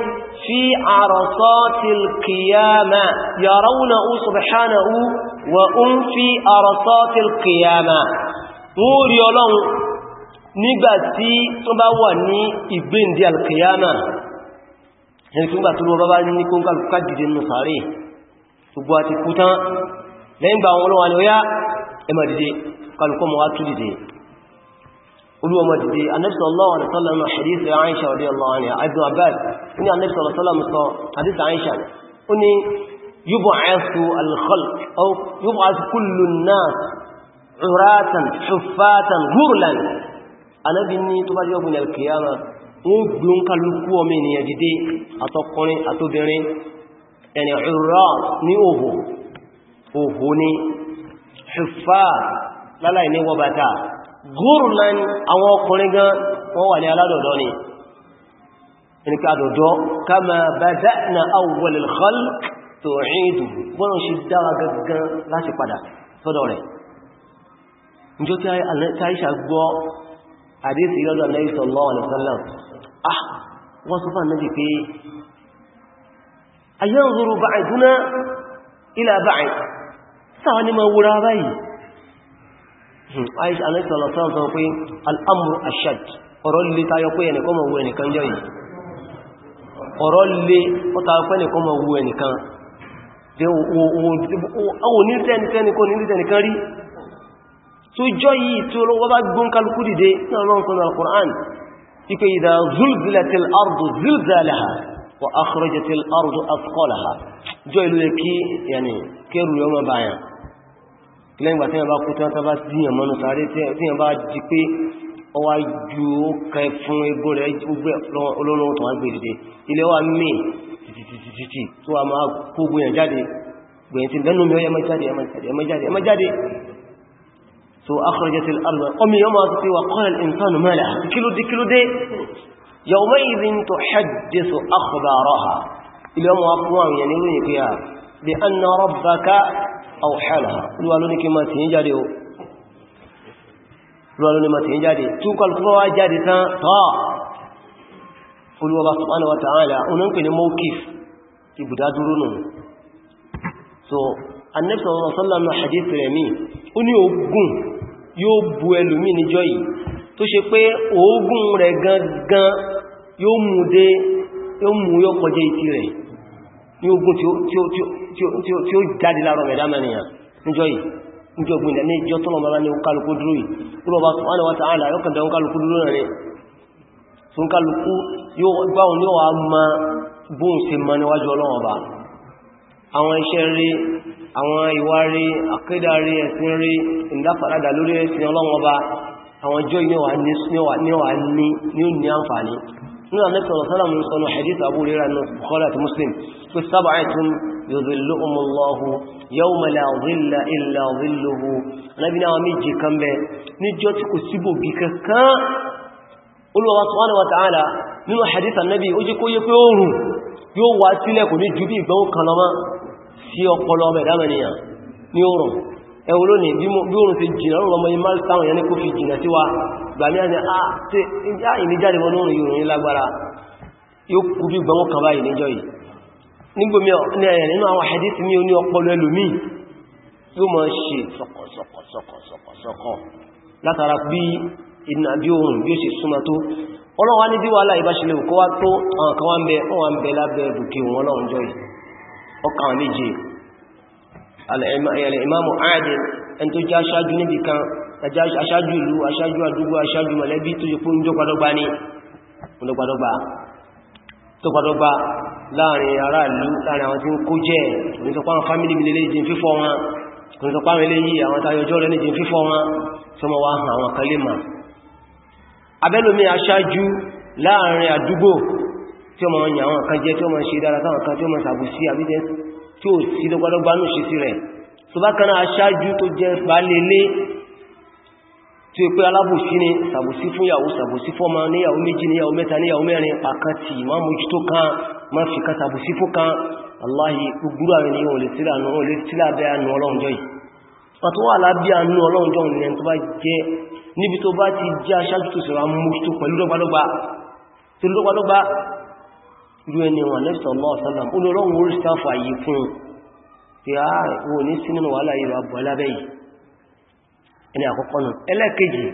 Speaker 1: fi arsatil qiyama yarawnahu subhanahu wa hum fi arsatil qiyama wọ́n rí ọlọ́run nígbàtí tó bá wà ní ìgbéǹdé alkiyama ẹni tó ń gbà tó lọ bá ní kó ń kàlùkà dìde kàlùkọ́ olúwa ma dìde anẹ́bí sallallahu alaihi wasallam hadith aisha radiyallahu anha ibn abbas ní anẹ́bí sallallahu alaihi wasallam sọ hadith aisha ó ní yub'athu al-khalq aw yub'ath kullu an-nas uratan huffatan ghurlan anẹ́bí ní tó bá jẹ́ ọgbìn alkiyama wọ́n gbé ń kálukú ọmọ ènìyàn dìde àtọkùnrin àtobìnrin gúrùnlẹ́ni àwọn ọkùnrin gan wọ́n wà ní aládọ̀dọ́ ni ẹnikà àdọ̀dọ́ kama bada'na awwalil khalq tu'idu gbọ́nà ṣe dára gangan láti padà sọ́dọ̀ rẹ̀ níjọ tí aisha gbọ́ àdísì yọ́dọ̀ Nabi sallallahu alaihi wasallam ah wọ́n sọ fún àìsànlẹ́sọ̀lọ́sán hmm. sọ pé al'amur ashad ọ̀rọ̀ lè tayọ pé ẹnìkan mọ̀ wọ ẹnìkan jọ yìí ọ̀rọ̀ lè tayọ pé ẹnìkan mọ̀ wọ ẹnìkan àwọn onítẹ́nikẹ́nikọ́ onítẹ́nikan rí tó jọ yìí tí olówó bá gbọ́n kálukú dìde náà lọ́nkọ́nà al-Qur'an ipe idha zulzilatil ardu zilzalaha wa akhrajatil ardu athqalaha jọ ìlú yẹ kí yẹni kẹrù lẹ́yìn ìgbà tí wọ́n bá kú tí wọ́n bá díyàn mọ́nú sáré tí wọ́n bá jí pé ọwá ju ó kẹ fún egbó rẹ̀ gbẹ́ olóòrùn tó wá gbé dìde ilé wa mí títítítítí tó wà máa kó gbìyàn jáde gbìyàn tí lẹ́nu mi ó yẹmọ jáde yẹmọ jáde yẹmọ jáde so akhrajat al-ardh ọmọ yọ máa fi wà qala bí anna rabbaka awhalaha olúwa ló ní kí ma ti ń jáde o olúwa ló ní ma ti ń jáde tún kọlùkúnwá tán tọ́ olúwa bá subhanahu wa ta'ala onan pè ibùdá dúró nù so annabi sallallahu alaihi wasallam hadith rẹ̀ mi ó ní ogun yóò bu ẹlòmí níjọ́ yìí tó ṣe pé oògùn rẹ̀ gangan yóò mú yóò mú ìtì rẹ̀ ní ogun tí ó jáde láàrọ̀ ẹ̀dá mẹ́rìnyàn níjọ́ yìí níjọ́ gbìnà ní ìjọ tó lọ́mọ́lá ní kálukú dúró yìí tó lọ́bá subhanahu wa ta'ala yọ́kàndà kálukú dúró rẹ̀ tó ń kálukú gbáhùn ní wà má bóhùn sí ma níwájú ọlọ́wọ́ bá àwọn iṣẹ́ rí àwọn ìwà rí akédà rí ẹ̀sìn rí ìdáfàdà lórí ẹ̀sìn ọlọ́wọ́ bá àwọn ọjọ́ níwà ní ní sọ́nà hadith Abu Hurairah kọ́lá àti Muslim tó sábà ẹ̀tún يظلهم الله يوم لا ظل إلا ظله نبينا ومجي كم به نجوت كسبو بككا قلوا الله سبحانه وتعالى من حديث النبي أجيكو يقول yóò wá sílẹ̀ kò ní ju bí ìgbọ́n kan lọ́mọ́ sí ọpọlọ ọmọ ìdámẹ́niyàn ní oòrùn ẹwọ lónìí bí oòrùn ti jìnà lọ́rọ̀ ọmọ imá sáwọn yẹn ní kó fi jìnà sí wa gbàmí àti àìníjáde wọn lóòrùn yìí lágbára yóò kú bí ìgbọ́n kan báyìí níjọ́ yìí nígbòmí nínú àwọn hadith mi ò ní ọpọlọ ẹlòmí yóò mọ̀ ṣe sọ̀kọ̀sọ̀kọ̀sọ̀kọ̀sọ̀kọ̀ látara bí ìdínà bí ohun bí ó ṣe súnmọ́ tó ọlọ́wà ní bí wàhálà ìbáṣẹlẹ̀ òkó wá tó àwọn kan wá ń bẹ wọ́n wá ń bẹ lábẹ́ bùkẹ́ wọn lọ́njọ́ yìí ọkà àwọn méje alẹ́ìmáàmù ààdẹ ẹni tó gbadọgba láàrin aráàlú láàrin àwọn tí ń kó jẹ́ òní fámílì mi lè jìn fífọ́ wọn òní ilé yìí àwọn tayọjọ́ rẹ̀ ní jìn fífọ́ wọn tó mọ́ wá àwọn kan lè abẹ́lómi aṣáájú láàrin àdúgbò tí ó mọ́ yàn kan jẹ́ tí ó mọ́ ṣe tí ó pé alábòsí ni sàbòsí fún yàwó sàbòsí fọ́mọ níyàwó méjì níyàwó mẹ́ta níyàwó mẹ́rin pàkàtì ma mójú tó kan ma fi ká sàbòsí fún kan aláhì gbogbo àwọn ènìyàn olè sílà bẹ́ ànú ọlọ́njọ́ yìí pàtó wà lábí ànú ọlọ́njọ́ nìyàn tó bá jẹ́ níbi tó bá ti jẹ́ aṣáájú tó sọ̀rọ̀ mójú tó pẹ̀lú dọ́gbadọ́gba irú ẹni àkọ́kọ́ náà ẹlẹ́kejì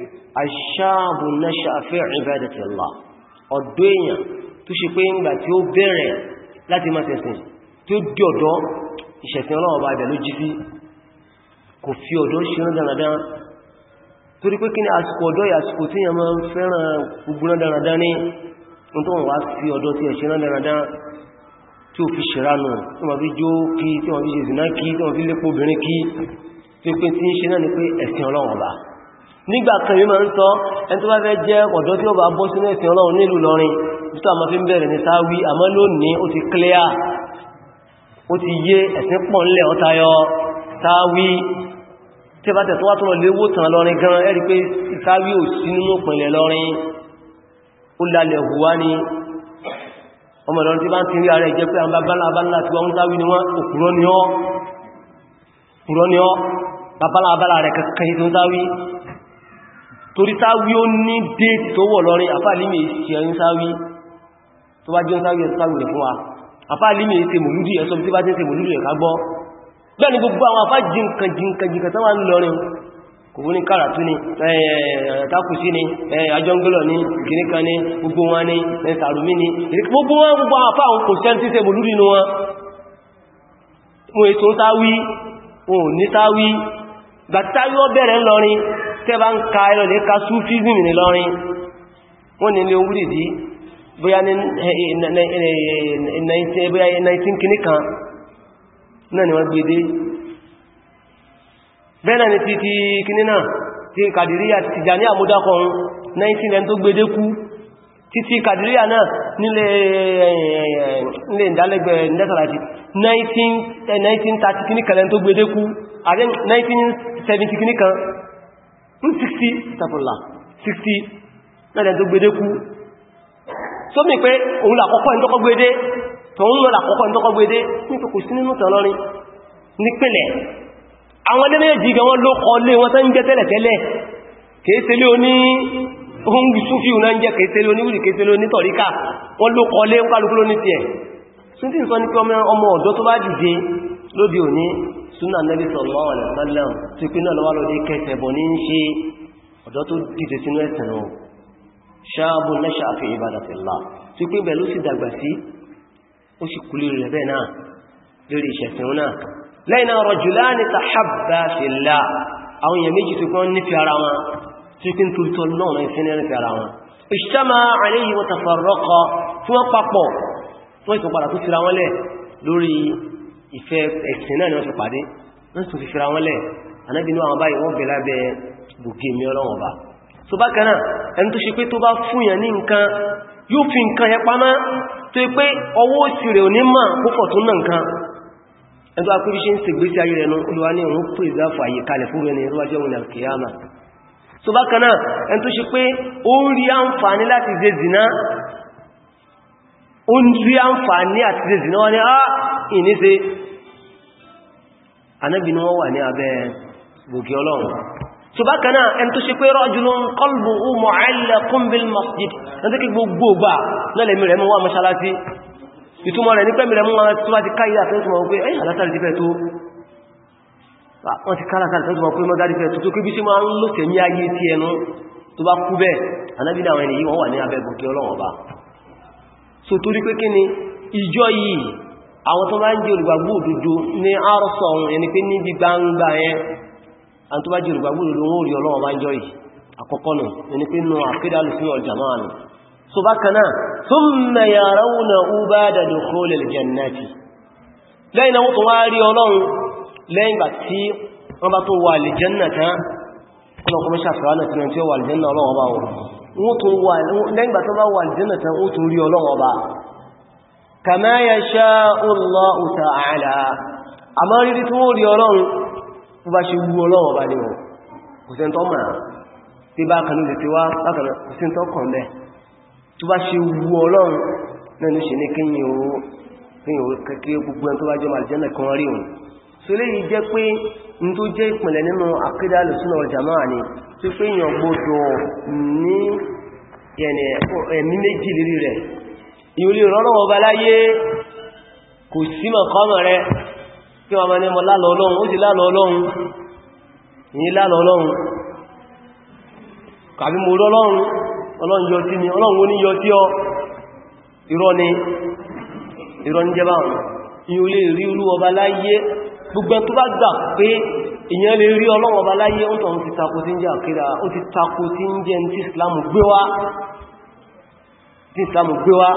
Speaker 1: aṣáàbù náṣà fi ìbádàtì Allah ọ̀dọ́ èèyàn tó ṣe pé ńgbà tí ó bẹ̀rẹ̀ láti máa tẹ̀sìn tí ó di ọ̀dọ́ ìṣẹ̀sìn ọlọ́ọ̀bá ibẹ̀ ló jí sí kò fi ọ̀dọ́ ṣe rán dáradára torí pé kí ni àsìkò ọ̀dọ́ ìyàsìkò tí èèyàn máa ń fẹ́ràn gbogbo rán dáradára ní tó wọ́n ó fi ṣèrànù tí wọ́n fi jó kí tí wọ́n fi ṣe ìsìná kí tí wọ́n fi lépo obìnrin kí tí pé tí ń ṣe náà ni pé ẹ̀sìn ọlọ́run ọba nígbà kan yí máa ń sọ ẹni tó bá fẹ́ jẹ́ ọ̀dọ́ tí ó bá bọ́ sínú ẹ̀sìn ọlọ́run nílùú lọrin títà máa fi ń bẹ̀rẹ̀ ní sáwí àmọ́ lónìí ó ti clear ó ti yé ẹ̀sìn pọ̀ ńlẹ̀ ọ̀tayọ sáwí tí bá tẹ̀sán bá ń ti babalabala rẹ̀ kankan ètò táwí torí táwí ó ní dé tó wọ̀ lọ́rin àfáàlímì ṣe ẹ̀yìn táwí tó bá jẹun táwí ẹ̀sùn táwí rẹ̀ fún wa àfáàlímì ṣe mòlúdì ẹ̀sọ́ tí bá jẹ́ ṣe mòlúdì ẹ̀ká gbọ́ bẹ́ẹ̀ni gbogbo àwọn afá jìnkan jìnkan jìnkan tó wà ń lọrin kò ní kàràtú ni ẹ̀ẹ̀takùsí ni mo ètò táwí òun ní táwí bàtàrí ó bẹ̀rẹ̀ lọrin tẹ́bà ń ka ẹlọ́lẹ̀ ka súfíìsìm ní lọrin wọ́n ni lè wúrì dí bóyá ní 19 kìní kan náà ni wọ́n gbèdé bẹ́ẹ̀nà ni ti ti kìní náà ti kàdìríyà ti jà ní àmúdákọrun 19 ẹni tó gbèdé kú títí kàdìríyà náà nílé ìdálẹ́gbẹ̀ẹ́ 1930 kìní kẹlẹ́ tó gbèdé kú àbí 1970 kìíní kan ní 60 sàfùnlá 60 náà tó gbédé kú tó mi pé òun làkọ́kọ́ ìtọ́kọ́ gbédé tó ń lọ làkọ́kọ́ ìtọ́kọ́ gbédé ní kòkò sí nínú tàn lọ́rin nípìnlẹ̀ àwọn ilé méjì gan wọ́n ló kọ́ lé wọn tó ń jẹ́ tẹ́lẹ̀tẹ́lẹ̀ kèése lé oní ohun súfì òun náà ń jẹ́ kèése lé oníwìrì kèése lé onítọ̀ríkà súnà nẹ́bí sallallahu alaihi wasallam tí pínà lọ́wọ́ lórí kẹsẹ̀bọ̀ ní ń ṣe ọ̀dọ́ tó dìde sínú ẹ̀sìn rọ̀ ṣáàbù lẹ́ṣà fi ibadatillah tí pín bẹ̀ ló sì dàgbà sí ó sì kú lórí rẹ̀ náà lórí ìṣẹ̀sìn náà lẹ́yìn náà rajulani tahabba fillah àwọn èèyàn méjì tó kán nífẹ̀ẹ́ ara wọn tí pín tó tọ́ náà ìsìn nífẹ̀ẹ́ ara wọn ìṣẹ́mà alayhi wa tafarraqa tí wọ́n papọ̀ wọ́n ìfẹ́ ẹ̀sìn náà ni wọ́n fi pàdé wọ́n tún fi fira wọn lẹ̀ anábìnú àwọn báyìí wọ́n bẹ̀ lábẹ́ gòkè mi ọlọ́wọ̀n bá so bákan náà ẹni tó ṣe pé tó bá fúnyàn ní nǹkan yóò fi nǹkan yẹn pamá tó yẹ pé ọwọ́ òsì rẹ̀ òní mọ̀ púpọ̀ tó ná nǹkan ẹni tó bá péré ṣe ń ṣègbésí ayé rẹ̀ olúwa ní òun pè záfù àyè kalẹ̀ fún rẹ̀ ní irú ajé òun kìyàmà so bákan ẹni tó ṣe pé ó ń rí àǹfààní láti ṣe zìná ó ń rí àǹfààní àti ṣe zìná wọn ni ah ìníṣe anábì ni wọ́n wà ní abẹ́ gòkè ọlọ́run tó bá kanáà ẹni tó ṣe pé rajulun qalbuhu mu'allaqun bil masjid náà tó kí gbogbo gbà lọ́lẹ̀mí rẹ̀ mú wá mọ́ṣálásí ìtumọ̀ rẹ̀ ní pẹ́mì rẹ̀ mú wá tó bá ti káyí àtẹ́tùmọ̀ wọ́n pé ẹ̀yà látàrí ti fẹ́ tó wọ́n ti kára kára tẹ́tùmọ̀ pé mọ́gárí fẹ́ tó tó kí bí sí máa ń lòsẹ̀ ní ayé ti ẹnu tó bá kú bẹ́ẹ̀ anábìdá àwọn ènìyàn wọ́n wà ní abẹ́ gòkè ọlọ́run ọba so torí pé àwọn tó bá ń jẹ́ olùgbàgbọ́ òdodo ní àrọ́sọ̀ ọ̀run ẹni pé níbi gbangba yẹn àwọn tó bá jẹ́ olùgbàgbọ́ òdodo wọ́n rí ọlọ́wọ́ bá ń jọ yìí àkọ́kọ́ nù ẹni pé nù àkídàlù fún ọjà máa nù so bákanáà thumma yarawna ubada dukhulil jannati lẹ́yìn náà wọ́n tó wá rí ọlọ́run lẹ́yìn bá tó tó bá kama yasha'u Allahu ta'ala àmọ́ rírí tí wọ́n rí ọlọ́run tó bá tọ́ máa tí bá ti wá bákanáà kò sí tọ́ kàn bẹ́ tó bá ṣe wú ọlọ́run nínú ṣe ní gbogbo ẹn tó bá jẹ́ máa jẹ́ o rí wọn so lè jẹ́ pé n tó jẹ́ ìpìnlẹ̀ nínú àkídà lùsùnà ni tó pé èèyàn ìwòlè rọ́lọ́wọ́ bá láyé kò sí mọ̀kọ́mọ̀ rẹ kí wọ́n mọ́ ní mọ́ lálọ́ ọlọ́run ó sì lálọ́ ọlọ́run ní lálọ́ ọlọ́run kàbí mo rọ́lọ́run ọlọ́run yọ tí ni ọlọ́run ó ní yọ tí ọ irọ́ ni irọ́ ní jẹba ìwòlè rí olúwọba láyé gbogbo tó bá gbà pé ìyẹn lè rí ọlọ́wọ́ba láyé ó tọ̀ tí islamu gbé wá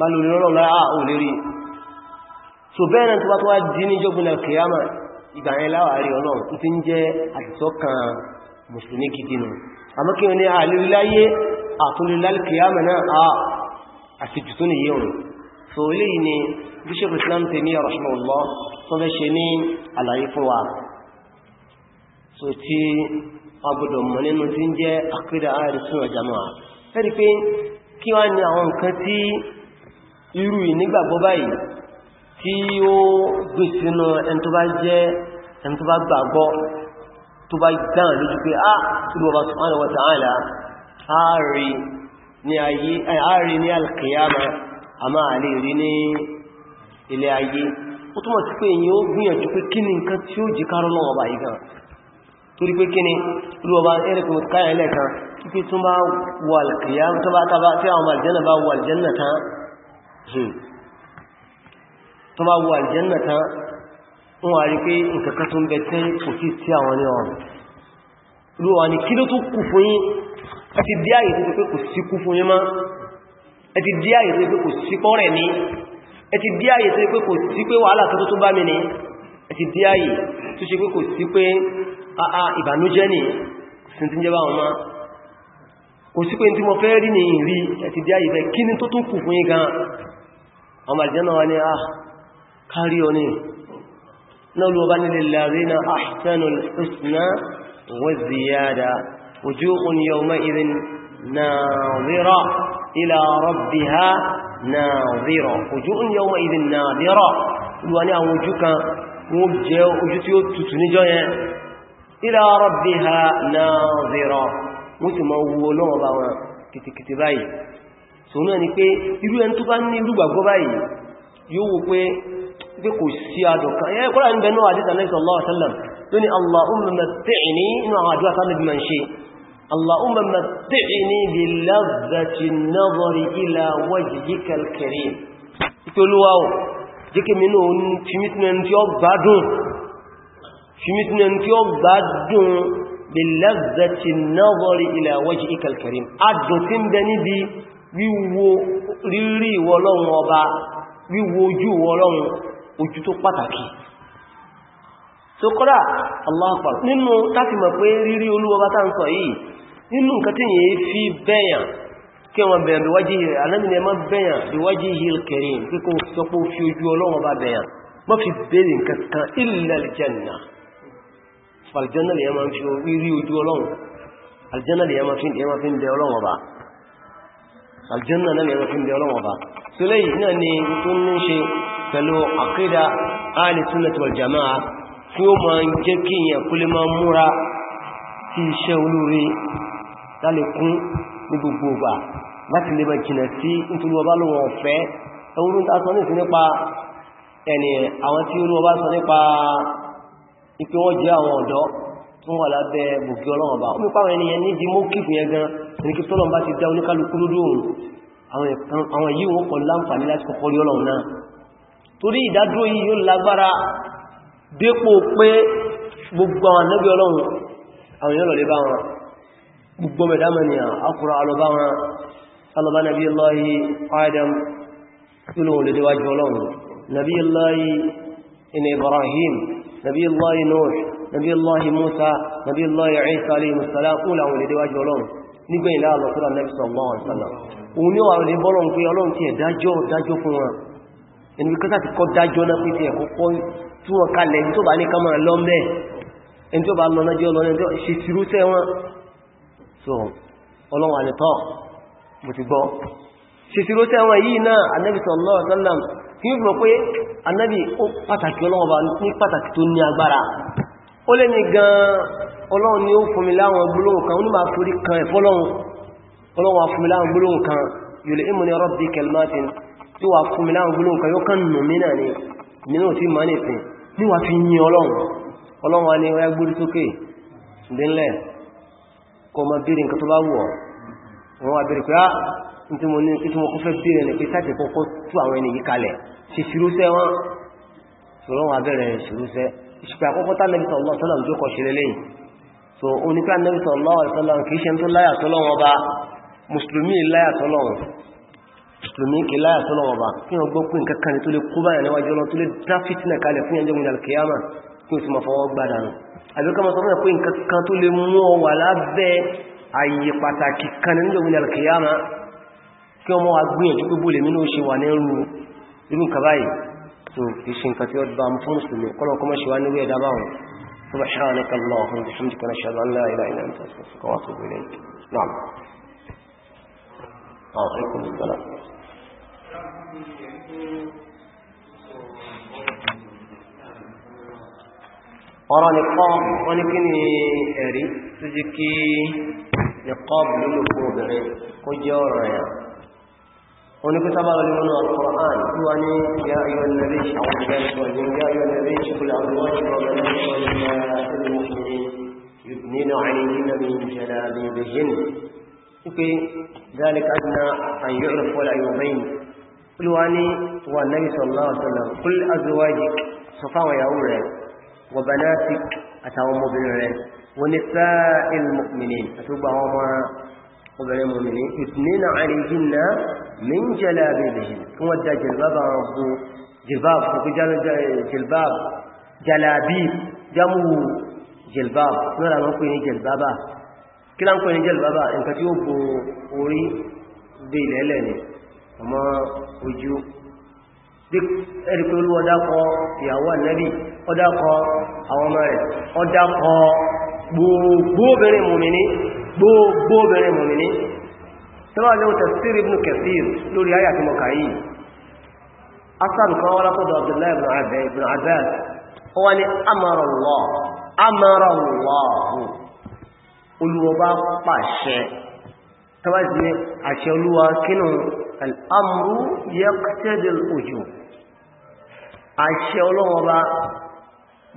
Speaker 1: ma lórí rọ́rọ̀ lára ò lérí so bẹ́ẹ̀rẹ̀ tó bá tó wá dí ní jọ́gbìnà kìyàmà ìgbà yẹn láwàárí ọlọ́run tó ti ń jẹ́ àtìsọ́kan mùsùlùmí gidi nù àmọ́ kí wọ́n ní àlúríláyé àtúnlélálì kìyàmà náà a àṣejù tó nìyí òun so eléyìí ni bishop islam ti ní rahimahullah tó fẹ́ ṣe kí wá ní àwọn nǹkan tí irú ìnígbàgbọ́ báyìí tí ó gbé sínú ẹni tó bá jẹ́ ẹni tó bá gbàgbọ́ tó bá dáhùn lójú pé á túbọ̀ bá subhanahu wa ta'ala ààrí ní alkiyama a máa lè rí ní ilé ayé ó torí pé kí ni olúwọba ẹ̀rẹ̀kùn káyà lẹ́kan títí tún bá wà kìyà tó bá tàbá tí àwọn aljanna bá wà aljanna tán hmm, tó bá wà aljanna tán wọ́n wà rí pé nǹkankan tó ń bẹ tí kò sí tí àwọn ní ọ̀rọ̀ olúwa ni kí ló tó kù fún yín ẹ ti dí àyè tó tó ṣe pé kò sí pé àà ìbànújẹ́ ni sintin jẹ́ bá wọn máa kò sí pé tí mo fẹ́ rí ní ìrí ẹ̀tì dí àyífẹ́ kí ní tó tún kù fún yín gan ọmọ àjẹ́nà wa ni ah kárí ọ ní náà lọ bá nílẹ̀ láàrin na ahsanul husna àwọn ojú kan wọ́n jẹ́ ojú tí ó tutù níjọ́ yẹn ila rabbiha nazira wọ́n sì máa wo lọ́wọ́ bá wọn kìtìkìtì báyìí so náà ni pé irú ẹni tó bá ní irú gbàgbọ́ báyìí yóò wò pé pé kò sí àdọ̀kan ẹ̀ kọ́lá ń bẹnu àdíta Nabi sallallahu alaihi wasallam tó ní Allahumma matti'ni inú àwọn àdúrà fìmítínà tí ó gbádùn bèlázàtì náwọ̀rí ila wajhika al-karim adùn tí ń bẹ níbi wíwo rírí ìwọlọ́run ọba wíwo ojú ìwọlọ́run ojú tó pàtàkì tó kọ́dá Allahu Akbar nínú táfimọ̀ pé rírí olúwọba tá ń sọ yìí nínú nǹkan tí yìí fi bẹ́yàn kí wọ́n bẹ̀yàn bí wájí rẹ̀ nǹkan kan illa al aljanna lè yẹmà fi rírí ojú ọlọ́run aljanna lè yẹmà fi ń bẹ ọlọ́run ọba aljanna náà lè yẹmà fi ń bẹ ọlọ́run ọba tó lẹ́yìn náà ni tó ní ṣe pẹ̀lú àkídà ahli sunnah wal jama'a tí ó máa ń jẹ́ kí ìyẹn kó lè máa múra sí iṣẹ́ olóore lálẹ́kún ní gbogbo ọgbà láti lè máa jìnà sí nítorí ọba lóhun ọ̀fẹ́ ẹwúrú ta sọ ní ìsìn nípa ẹni àwọn tí olú ọba sọ nípa ipe wọ́n jẹ́ àwọn ọ̀dọ́ tó wà lábẹ́ gbogbo ọlọ́run bá omi pàwọn ènìyàn ní di mọ́kìfù yẹn gan ní kí tọ́lọ̀ bá ti dá oníkálukú lórí òun àwọn yìí wọ́n kọ̀ láǹfààní láti kọ́kọ́ rí ọlọ́run náà torí ìdádúró yìí yóò lágbára dépò pé gbogbo àwọn anábí ọlọ́run àwọn èèyàn nàbí lọ́yí adam tí lóhun lè déwájú ọlọ́run ibrahim نبي الله نوح نبي الله موسى نبي الله عيسى عليه السلام أولا ولدي واجه الله nígbé ìlà àlọ́sọ́lá nẹ́bí sallallahu alaihi wasallam òun ní àwọn ilé bọ́lọ̀ ń pé ọlọ́run tí ẹ̀ dájọ́ dájọ́ fún wọn ẹni wípé káta ti kọ́ dájọ́ náà pé ti ẹ̀kọ́ kọ́ tí wọ́n kalẹ̀ ẹni tó bá ní kámọ́ lọ́mẹ́ ẹni tó bá lọ nájọ́ lọ nájọ́ ṣe tirúṣẹ́ wọn so ọlọ́run àlẹ́tọ́ mo ti gbọ́ ṣe tirúṣẹ́ wọn yìí náà anẹ́bí sallallahu alaihi wasallam kí rò pé annabi ó pàtàkì ọlọ́run bá ní pàtàkì tó ní agbára ó lé ní gan ọlọ́run ni ó fomula láwọn gbólóhùn kan onímà ma kan ẹ̀fọ́lọ́run ọlọ́run wà fúnmi láwọn gbólóhùn kan yìí lè mú ní rabbi kelmatin tí wà fúnmi láwọn gbólóhùn kan yóò kàn ni ni tí mo ní tí mo kún fẹ́ bèèrè ní pé sáàtì kọ́kọ́ tú àwọn ẹni yìí kalẹ̀ ṣe ṣirúṣẹ́ wọn ṣòro wọn abẹ́rẹ̀ ṣirúṣẹ́ ìṣùpẹ́ àkọ́kọ́ tá nẹ́bí sọ̀lọ́ sọ́lọ́ tó kọ̀ ṣeré lẹ́yìn so onípẹ́ nẹ́bí sọ̀lọ́ sọ́lọ́ kìí ṣe tó láyà sọ́lọ́ wọn bá mùsùlùmí láyà sọ́lọ́ wọn mùsùlùmí kì láyà sọ́lọ́ wọn bá kí wọ́n gbọ́ pé nǹkan kan tó lè kó báyà níwájú ọlọ́ tó lè dá fìtínà kalẹ̀ fún ẹjọ́ ìjọ kìyàmà kí ọmọ wa gbìyànjú pé bó lè mínú ṣe wà ní irú irú nǹkan báyìí tó fi ṣe nǹkan tí ó bá mú fún mùsùlùmí kọ́nà ṣe wá nírú ẹ̀dá báwọn سبحانك اللهم وبحمدك نشهد ان لا ọ̀rọ̀ nìkan wọ́n ní kí ni ẹ̀rí tó jẹ́ kí nìkan lólùkú obìnrin kó jẹ́ ọ̀rọ̀ ẹ̀yà ونقول تبارك لمن القرآن يعني يا أيها النبي أعوذ بالله الرجيم يا أيها النبي قل أزواجك وبناتك ونساء المؤمنين يثنين عليهن من جلابيبهن في ذلك أدنى أن يعرف ولا يبين قل واني هو النبي صلى الله عليه وسلم قل أزواجك صفا ويعور وبناتك أتاهم بالعين ونساء المؤمنين أتوبهما وبين المؤمنين يثنين عليهن من جلابيبه. هو جلبابه؟ جلباب ربو جلباب فقجال جلباب جلابيب جمو جلباب نرى نقول جلبابا كلا نقول جلبابا إن كتيوب أوري بيلالين وما وجو ẹ̀rìkúrú ọdákọ ìyàwó ànẹ́bí ọdákọ àwọn ọmọ rẹ̀ ọdákọ gbogbo obìnrin mùmìnì gbogbo obìnrin mùmìnì tẹ́wà lẹ́wọ́ tẹ̀sírì ibn Kathir lórí ayà tí mọ̀ kàáyì asan kan wọ́n látọ̀dọ̀ Abdullahi ibn abẹ́ ibn abẹ́ ó wá ní amarallah amarallah olùwọ́bá pàṣẹ tẹ́wà sí ní àṣẹ olúwa kínú al'amru yaqtadil ojú àṣẹ olówọ́bá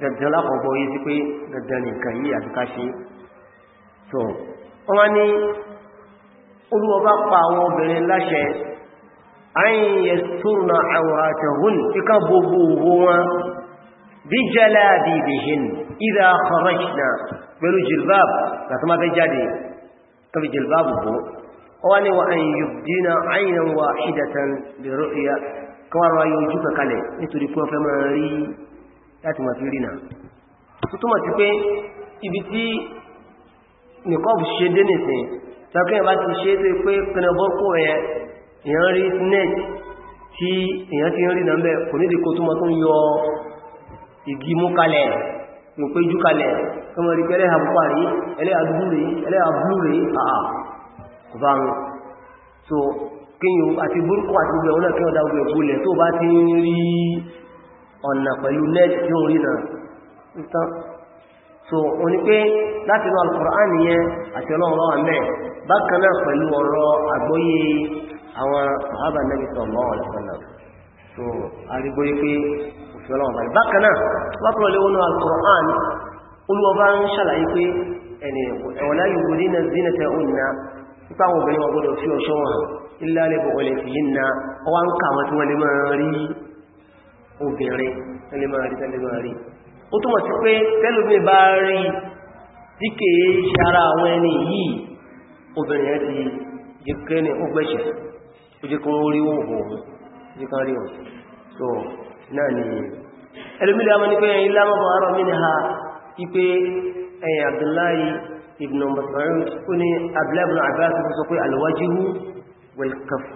Speaker 1: dandan lákọ̀ọ́gbọ́ olúwọ bá pa àwọn obìnrin láṣẹ ayin yasturna awratahun ika gbogbo owó wọn bí jalabibihin idha kharajna pẹ̀lú jilbab láti máa fẹ́ jáde kàbí jilbab bó wọ́n ni wa an yubdina aynan wahidatan bi ru'ya kọwàrọ̀ ayé ojú kankalẹ̀ nítorí kí wọ́n fẹ́ máa rí láti máa fi rí tó túnmọ̀ sí pé ibi tí nìkọ́bù ṣe dé tọ́kẹ́ bá ti ṣe tó pé kìnnàbọ́kù ẹ̀ èyàn rí net tí èyàn ti rí nàmbẹ̀ kò ní dìkò tó mọ́ tó ń yọ igi mú kalẹ̀ ìpé jú kalẹ̀ kọmọ rí pẹ́lẹ́ àbúkà rí ẹlẹ́ àbúrú rí ẹlẹ́ àbúrú rí àà kò bá ń so kíyàn àti burúkú àti so òní pé láti inú alukur'an yẹn àti ọlọ́run lọ́wọ́ mẹ́ bákan náà pẹ̀lú ọ̀rọ̀ àgbóyé àwọn sàhábà nàbì sallallahu alaihi wasallam so arígbóyé pé òfin ọlọ́run báyìí bákan náà bákan náà léwọ́nú alukur'an olúwọba ń ṣàlàyé pé ẹni ẹ̀wọ̀n láyé ògbódé náà zínẹ̀tẹ̀ òǹna nípa àwọn obìnrin wọn gbọdọ̀ ó túnmọ̀ sí pé tẹ́lùmí bá rí tí kèé ṣara àwọn ẹni yìí obìnrin ẹ̀ ti jẹ́ kẹ́ni ó gbẹ̀ṣẹ̀ ó jẹ́ kí rí òhò jẹ́ kan rí òhò so náà ni ẹlùmílẹ̀ àmọ́ ní pé ẹ̀yìn lámọ́bọ̀ arọ mi ni ha ipé ẹ̀yìn Abdullahi ibn Mas'ud ó ní Abdullahi ibn Abbas sọ pé alwajihu welcome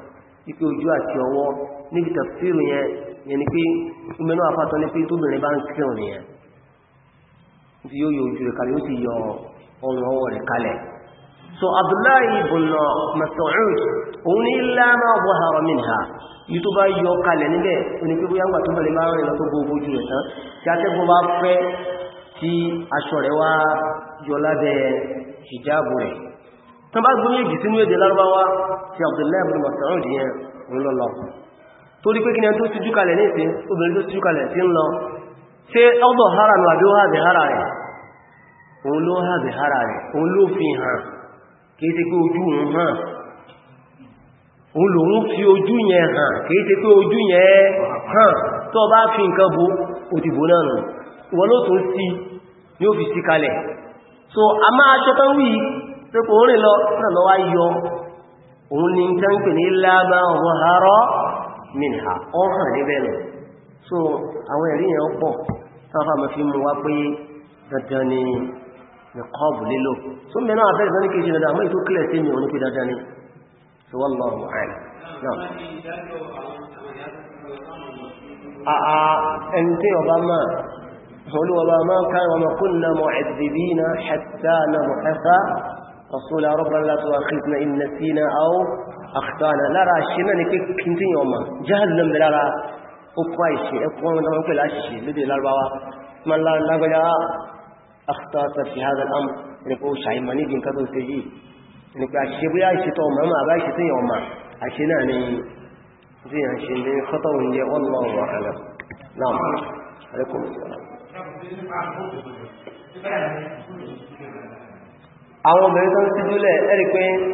Speaker 1: ipé ojú àti ọwọ́ níbi tafsir yẹn yẹn ni pé mẹ́nu àfàtọ́ ní pé tóbìnrin bá ń kírun yẹn tí yóò yọ ojú rẹ̀ kalẹ̀ yóò sì yọ ọrùn ọwọ́ rẹ̀ kalẹ̀ so abdullahi ibn mas'ud òun ní lámà zahara minha yìí tó bá yọ kalẹ̀ níbẹ̀ oní pé bóyá ń gbà tó bẹ̀rẹ̀ máa rìn lọ tó gbogbo ojú rẹ̀ tán tí atẹ́gbọ́n bá fẹ́ tí aṣọ rẹ̀ wá yọ lábẹ́ hijabu rẹ̀ tó bá gbóyè jì sínú èdè lárúbáwá ti abdullahi ibn mas'ud yẹn òun lọ lọ torí pé kí ni tó ṣíjú kalẹ̀ ní ìsìn obìnrin tó ṣíjú kalẹ̀ sí ń lọ ṣe ọdọ̀ hara lọ àbí ó hàbẹ̀ hara rẹ̀ òun ló hàbẹ̀ hara rẹ̀ òun ló fi hàn kìí ṣe pé ojú òun hàn òun lòun fi ojú yẹn hàn kìí pé ojú yẹn hàn tó bá fi nǹkan bó òdìbò náà nù ló tún sí ní ó fi sí kalẹ̀ so a máa ṣọ́tán wí pé kò lọ so àwọn ẹ̀rí yẹn pọ̀ táwọn ma fi mú wá pé dandan ni nìkọ́ọ̀bù lílò so mẹ́nà àfẹ́ ìsọ́ní kejì dandan àmọ́ ìtò kílẹ̀ sí mi ò ní pé dandan ni so wọ́n lọ ọ̀hún àìlẹ̀ àà láti wà kí na ìnà sí na áwọ́ àkùtà lára ṣe náà ni pé kí yọ ọmọ jáàlù lọ́mọ lára ó kọ́ àìṣe ẹkùn ọmọdé wọn pẹ̀lú àṣìṣe lédè lárúbáwá ma lágbàjá àkítàtà fi hádà lámù nípa ó ṣàìmọ̀ níbi nǹkan tó ṣe yìí nípa àṣìṣe bóyá àṣìṣe tó ọmọ ọmọ àbá àṣìṣe yàn ọmọ àṣìṣe náà ni tí yàn ṣe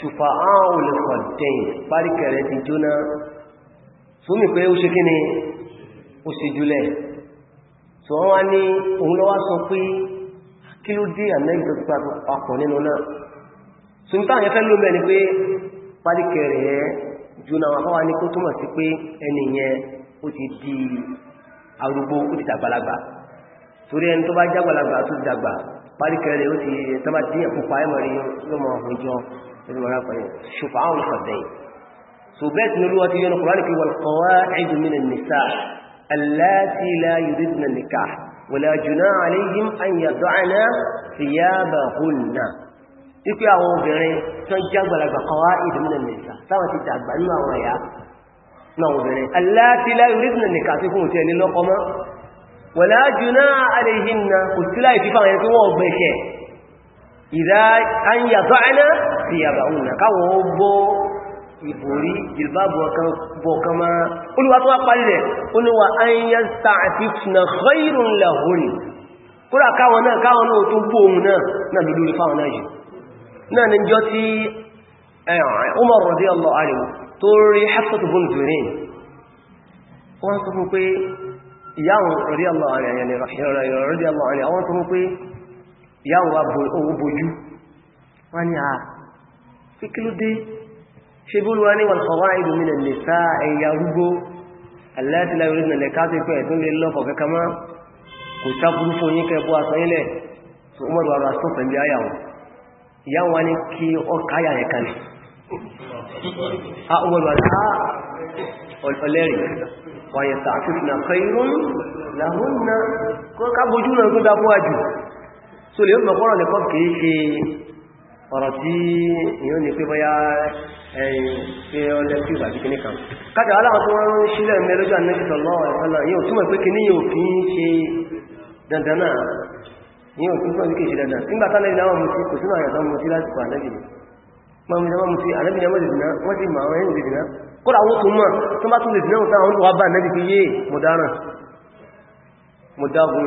Speaker 1: ṣùfàáhùn olùkọ̀dẹ̀yìn páríkẹ̀ rẹ̀ ti jóná súnmì pé ó ṣe kíni ó ṣe jùlẹ̀ tó wọ́n wá ní òun lọ́wọ́ sọ pé kí ló dé àmẹ́gbẹ̀pàpọ̀ nínú náà súnmì táwọn yẹn fẹ́ ló mẹ́ni pé páríkẹ̀ rẹ̀ jóná wọn fáwọn ní kó túmọ̀ شفعاء الخدين سبات نلوات يون القرآن والقواعد من النساء اللاتي لا يريدن النكاح ولا جناع عليهم أن يضعن ثيابهن يكي أعوان بيرين سنجاب لك قواعد من النساء سوى تتعب عنها ويا نعوان اللاتي لا يريدن النكاح تكون تاني اللقمة ولا جناع عليهن قلت لا يتفاق يكي وعوان بيكين ìdá ayàtọ̀ àná sí àbàhùn náà káwọn ó bọ́ ìbòrí ìlbábọ̀ kan máa olúwa tó wá parí rẹ̀ olúwa ayàtà àti fìnà khairun lahun kúrà káwọn náà káwọn náà tó bó ohun náà náà lórí orí fáwọn náà yìí náà ni jọ ìyáwó wa owó bojú wọ́n ni àà pí kí ló dé ṣe bó lúwa ní wal qawaidu minan nisaa ẹ̀yà rúgbó aláàtìlá ìrìnà lẹ́ká tó pẹ́ ẹ̀tún lè lọ́kọ̀ kẹ́kẹ́ mọ́ kò sáburú fún yín kẹ́kọ́ asọ́yìnlẹ̀ tó mọ́rọ̀ ara sọ pẹ̀lú ayàwó ìyáwó wa ní kí ọkà ayà wàyẹ̀ta àti ìsìnà irun làwọn náà kọ́ ká bojú náà tó dá fún so lè mọ̀ pọ́rọ̀ nìkan kìí ṣe ọ̀rọ̀ tí èyàn ní pé bọ́yá ẹ̀yìn pé ọlẹ́ tí ìgbà jí kìníkan kájà aláwọ̀ tó wọ́n sílẹ̀ mẹ́lójú ànẹ́kìtọ̀ lọ́wọ́ ẹ̀fẹ́lá yóò túnmọ̀ pé kìní yóò kí ń ṣe dandan náà yóò túnmọ̀ pé kìí ṣe dandan nígbà tálẹ́ ìdáwọ̀ mú sí kò sínú àyàtọ̀ mú sí lásìkò ànẹ́bì mọ̀mí náà mú sí ànẹ́bì náà wọ́n sì mọ̀ àwọn ẹ̀yìn lè dìná kódà wọ́n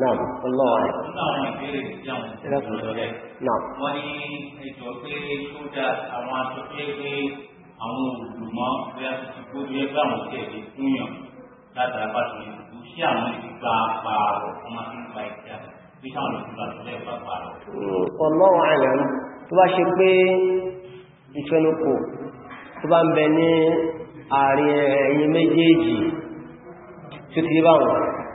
Speaker 1: náà ọlọ́wọ́
Speaker 2: rẹ̀. nínú àwọn ìbéèrè tí àwọn ìṣẹ̀lẹ̀ lọ rẹ̀. náà. wọ́n ní ètò pé kódà àwọn aṣọ pé pé àwọn olùmọ̀ bí a ti kó bí ẹgbẹ́ àwọn tí ẹ̀jẹ̀ fún yàn látara bá ti lè dùn sí àwọn ìdí gba pààrọ̀ wọ́n máa fi gba ìjà bí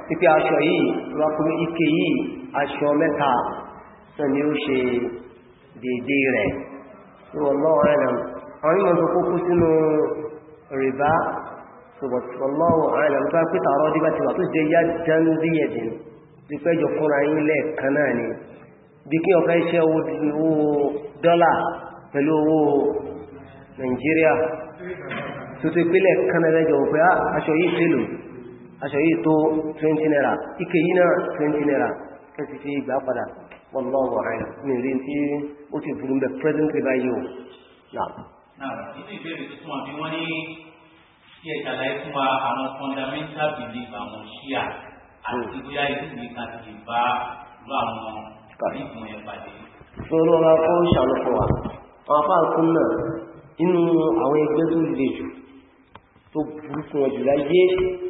Speaker 1: pípẹ́ aṣọ yìí rọ́kùnrin ike yìí aṣọ mẹ́ta náà ni ó ṣe dédé rẹ̀ tí wọ́n lọ́wọ́ rẹ̀ náà àwọn ìmọ̀ tó kókó sínú rìbá ṣùgbọ́n rẹ̀ tó wá pé tààrọ́ dígbà tí wà tó jẹ́ yá jẹ́ndíyẹ̀dìn ti pẹ́jọ fúnra yín lẹ́ẹ̀kan náà ni bí kí tó ti pínlẹ̀ kan náà lẹ́jọ̀ ah, aṣọ yìí tèlò aṣọ yìí tó 20 naira ike yìí náà 20 naira kẹsì fi gbà padà wọn lọ wọ àìlà ní rí tí ó ti burú bẹ presently báyìí o náà.
Speaker 2: náà nínú ìbéèrè tó fún wa bí wọ́n ní kí ẹ ṣàlàyé fún wa àwọn fundamental belief àwọn ṣíà àti hmm. bóyá ìlú mi kan ti bá ìlú àwọn
Speaker 1: ìgbìmọ̀ ẹ̀ pàdé. sọ̀rọ̀ wa kọ́ ṣàlù fún wa àwọn afáàkùn náà inú àwọn ẹgbẹ́ tó le jù tó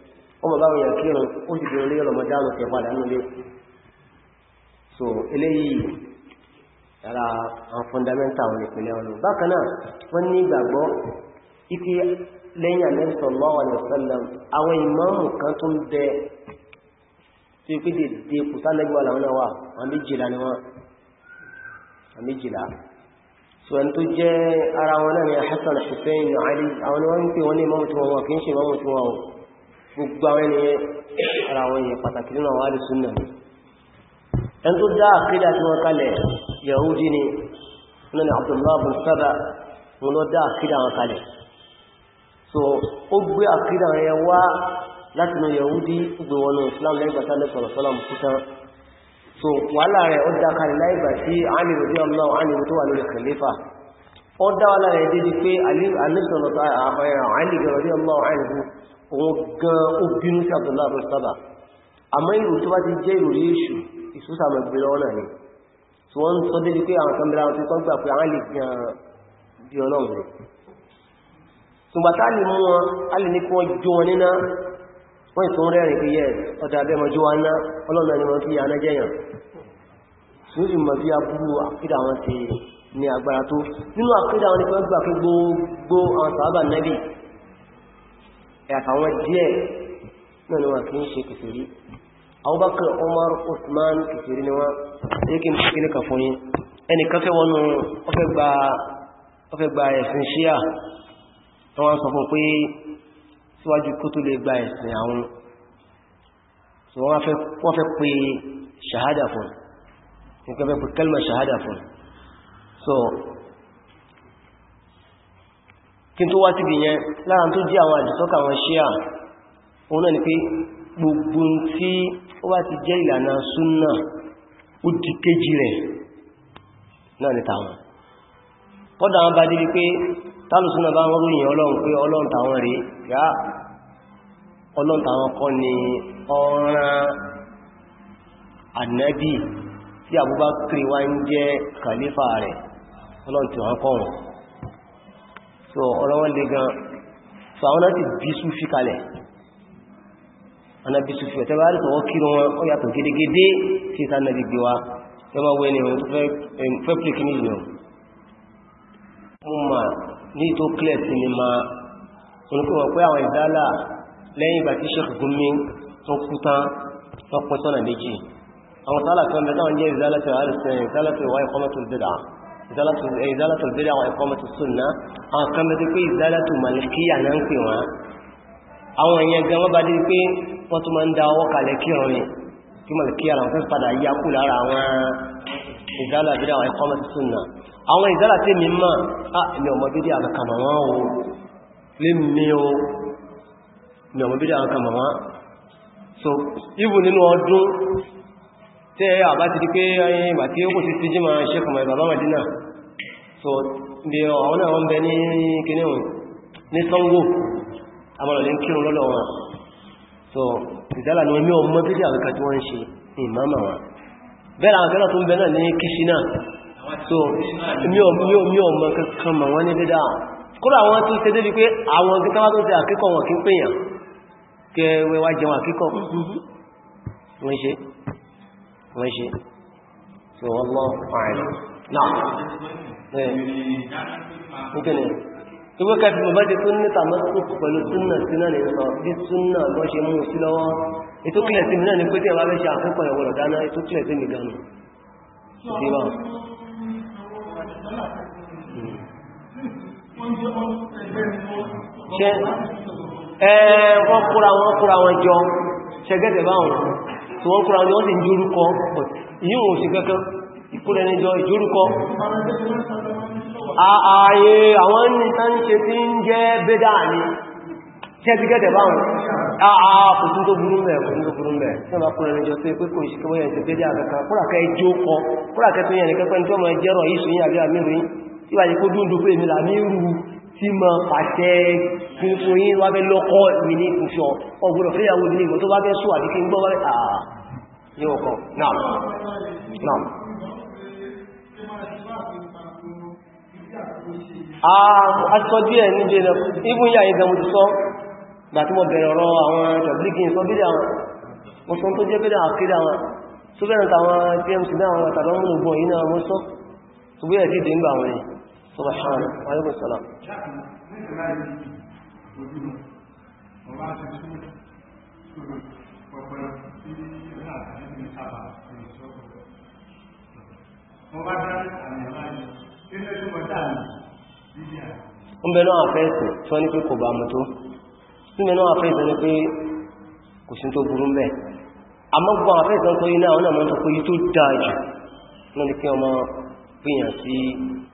Speaker 1: ọmọ báwọn èèyàn kírun ó sì bèèrè lórí ọmọdánù tẹ padà nílé so eléyìí yàrá àwọn fọ́ndámẹ́ntà wọn ìpínlẹ̀ ọ̀nà bákan náà wọ́n ní ìgbàgbọ́ ike lẹ́yìn àmẹ́sọ̀ lọ́wọ́ àlẹ́sọ̀lọ́m àwọn ìmáàmù kan tó ń bẹ tí pé dèdè kò sálẹ́gbọ́ làwọn náà wà so ẹni ara wọn ni Hasan Hussein Ali àwọn ni wọ́n ń pè wọ́n ní ìmáàmù tí wọ́n gbogbo àwọn ènìyàn ara àwọn èèyàn pàtàkì nínú àwọn alìsúnnà ni ẹn tó dá àkídà tí wọ́n kalẹ̀ yahudi ni wọ́n ni abdullahi bin saba wọ́n lọ dá àkídà wọn kalẹ̀ so ó gbé àkídà wọn yẹ wá láti nù yahudi gbé wọn nù islam lẹ́gbàtà lẹ́sọ̀rọ̀sọ́lọ́m kútan so wàhálà rẹ̀ ó dá kalẹ̀ láìgbà tí àmì rẹ̀ ọlọ́ àmì tó Ali, lórí kàlífà ó Ali wàhálà rẹ̀ dédé pé alìsọ̀rọ̀sọ́lọ́m òun gan ó bínú sí àbúlá àbúrò sábà àmọ́ ìrò tó bá ti jẹ́ ìròrí èṣù ìsúsà mẹ́gbẹ́ lọ́wọ́ náà ni tí wọ́n ń sọ dédé pé àwọn kẹmẹ́rà wọn ti tọ́ gbà pé àwọn lè gan bí ọlọ́run rẹ̀ tùgbàtà lè mú wọn a lè ní kí wọ́n jó wọn níná wọ́n ìtún rẹ̀rìn pé yẹ ọ̀dà abẹ́mọ̀ jó wa ná ọlọ́run ni wọ́n fi àná jẹ́yàn tí ó sì mọ̀ bí aburú àkídà wọn ti ní agbára tó nínú àkídà wọn ni wọ́n gbà pé gbogbo àwọn sàábà nẹ́bì àtàwọn díẹ̀ nínú wọn kì í ṣe kìfèrí Abubakar Umar Usman kìfèrí ni wọ́n tí kí n fi kíní kan fún yín ẹni kan fẹ́ wọnú ọfẹ́ gba ẹ̀sìn ṣíà wọ́n sọ fún pé síwájú kó tó lè gba ẹ̀sìn àwọn wọ́n fẹ́ pé ṣàhádà fún so kí tó wá síbi yẹn lára tó jẹ́ àwọn àdìsọ́kà àwọn ṣíà òun náà ni pé gbogbo tí ó wá ti jẹ́ ìlànà súnnà ó di kéjì rẹ̀ náà ni tàwọn kọ́dà wọn bá débi pé tálùsúnnà bá wọ́n ròyìn ọlọ́run pé ọlọ́run tàwọn ọlọ́run tàwọn kọ́ so ọ̀rọ̀ wọn lè gan so àwọn náà ti bí súfí kalẹ̀ anábí súfí ọ̀tẹ́ bá rí tọwọ́ kí wọn ó yàtọ̀ gédégédé tí ìta náà gbé wa yọmọ wẹ́ ni òun fẹ́ pè kí nìyàn wọ́n ma ní tó clear sí ni ma olùkọ́ pé àwọn ìdálà lẹ́yìn ìgbà tí Sheikh Gumi tó kú tán tó pín sọ́nà méjì àwọn sálà kan bẹ̀ táwọn jẹ́ ìdálà tẹ̀wà ìdálà tẹ̀wà ìkọ́mọ̀tò bid'ah ìzálàtò eh, bídá àwọn ẹ̀kọ́ mẹ́tò súnnà kan mẹ́tò pé ìzálàtò màlìkíyà náà ń pè wọ́n àwọn gan da ọwọ́ kalẹ̀ kírun ni ki màlìkíyà náà fẹ́ padà yá kú lára àwọn ìzálà bídá àwọn ẹ̀kọ́ mẹ́tò súnnà àwọn ìzálà ah o lé mi o so ibu ninu odun tẹ́ àbá ti di pé ayin ìgbà tí ó kò sí síjí ma ṣe kùnmọ̀ ìbàbá Madina so bí àwọn náà wọ́n bẹ ní kíní wọn ní sango amọ̀lọ̀lẹ́ kírun lọ́lọ́ wọn so ìdálà ní omi ọmọ bídí àwẹ́ka tí wọ́n ń ṣe ní ìmáàmà wọn bẹ́ẹ̀ àwọn fẹ́lá tó ń bẹ náà ní kíṣí náà so mi ọmọ kankan mà wọ́n ní bídá kúrò àwọn tó ṣe débi pé àwọn kíkáwá tó ṣe àkíkọ̀ wọn kí ń pèèyàn kẹwẹ́ wá jẹun àkíkọ̀ wọ́n ṣe wọ́n ṣe tí wọ́n lọ ààrẹ náà nítorí gbogbo kẹfì bàbá ti tún níta mọ́sùkù pẹ̀lú súnà síná ní sọ bí súnà lọ ṣe mú sí lọ́wọ́ ètò kílẹ̀ sí náà ní pé tí ẹ̀wà fẹ́ ṣe àkókò ẹ̀wọ̀rọ̀ dáná ètò kílẹ̀ sí nìgan nù sí wà
Speaker 2: ṣe ẹ̀ẹ́ wọ́n kóra
Speaker 1: wọn kóra wọn jọ ṣẹgẹ́dẹ̀ báwọn tí wọ́n kúrò àwọn ọdún jórúkọ yíò sí kankan ìkúrẹ níjọ ìjórúkọ ààyè àwọn nìtàn ṣe tí ń jẹ́ bẹ́dà ní tẹ́tíkẹ́tẹ̀ báwọn àà kò tún tó burú mẹ́ kò tún tó burú mẹ́ tí wọ́n kúrò níjọ tó pé kò ìṣẹ́kọ́ yẹn ti bẹ́dà kankan kúràkẹ́ ìjókọ kúràkẹ́ tó yẹn nìkan pẹ́ tí ma pàṣẹ gbogbo yí wá bẹ́ lọ́kọ́ mi ní ìfúnṣọ́ ọgbọ̀nà fẹ́yàwó ní ìwọ̀n tó bá bẹ́ sùwà díkẹ́ gbọ́ wáyé àà ní ọkọ̀ náà
Speaker 2: aṣọ díẹ̀ níbi ẹ̀nà ibùn yà ìgbà mo ti sọ
Speaker 1: gbà tí mo bẹ̀rẹ̀ ọ̀rọ̀ àwọn republican sọ bídẹ̀ àwọn mo subahana aleykum salaam. ń bẹ náà àfẹ́sì tí wọ́n ní pé kò bá mú tó ń bẹ náà àfẹ́sì ní pé kò sí tó burú ń bẹ àmọ́ gbọ́n àfẹ́sì tó mọ́ tó kó yí tó dáa jù náà ní pé ọmọ pèèyàn sí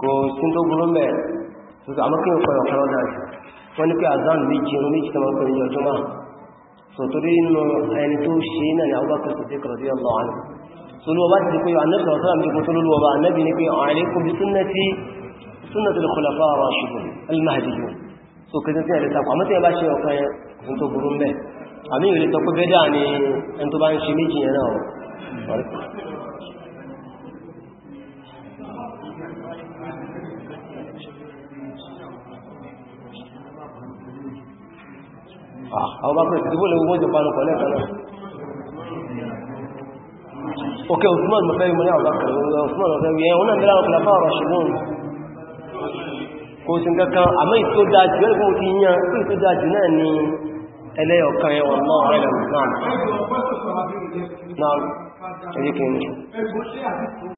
Speaker 1: kò sí tó burú mẹ́ tuntun àmọ́ kí n kọ́ ọ̀kan ọ̀dà jù wọ́n ní pé azan méjì irun méjì tó máa ń pè ní ọjọ́ náà so torí nínú ẹni tó ṣe náà ni àwọn bá kẹsì sí kọ̀rọ̀dí ọ̀lọ́ àná tolúwa bá ti di pé ànábì sọ̀rọ̀ sọ́rọ̀ mi kò tolúwa so kẹsì sí ẹ̀rẹ́ takọ̀ àmọ́ tí ẹ bá ṣe ọ̀kan yẹn kò tó burú mẹ́ àmì ìrètọ́ pé bẹ́dà ni ẹni tó Ah, àwọn bá pẹ̀lú ìdíbò lè wọ́n jọ pàánù pọ̀ lẹ́ẹ̀kan náà
Speaker 2: òkè òsùmọ̀ mọ̀ fẹ́ ìmọ̀lẹ́
Speaker 1: àwọn akẹ̀lẹ̀ òsùmọ̀ lọ́fẹ́ wí ẹ̀hún náà mẹ́láwọn kìlá fáwọn ṣùgbọ́n kò sí kankan àmọ́ ìtò dájú ẹ̀rẹ́ fún ti yán pé ìtò dájú náà ni ẹlẹ́ọ̀kan ẹwọ̀n náà rẹ̀
Speaker 2: lọ́nà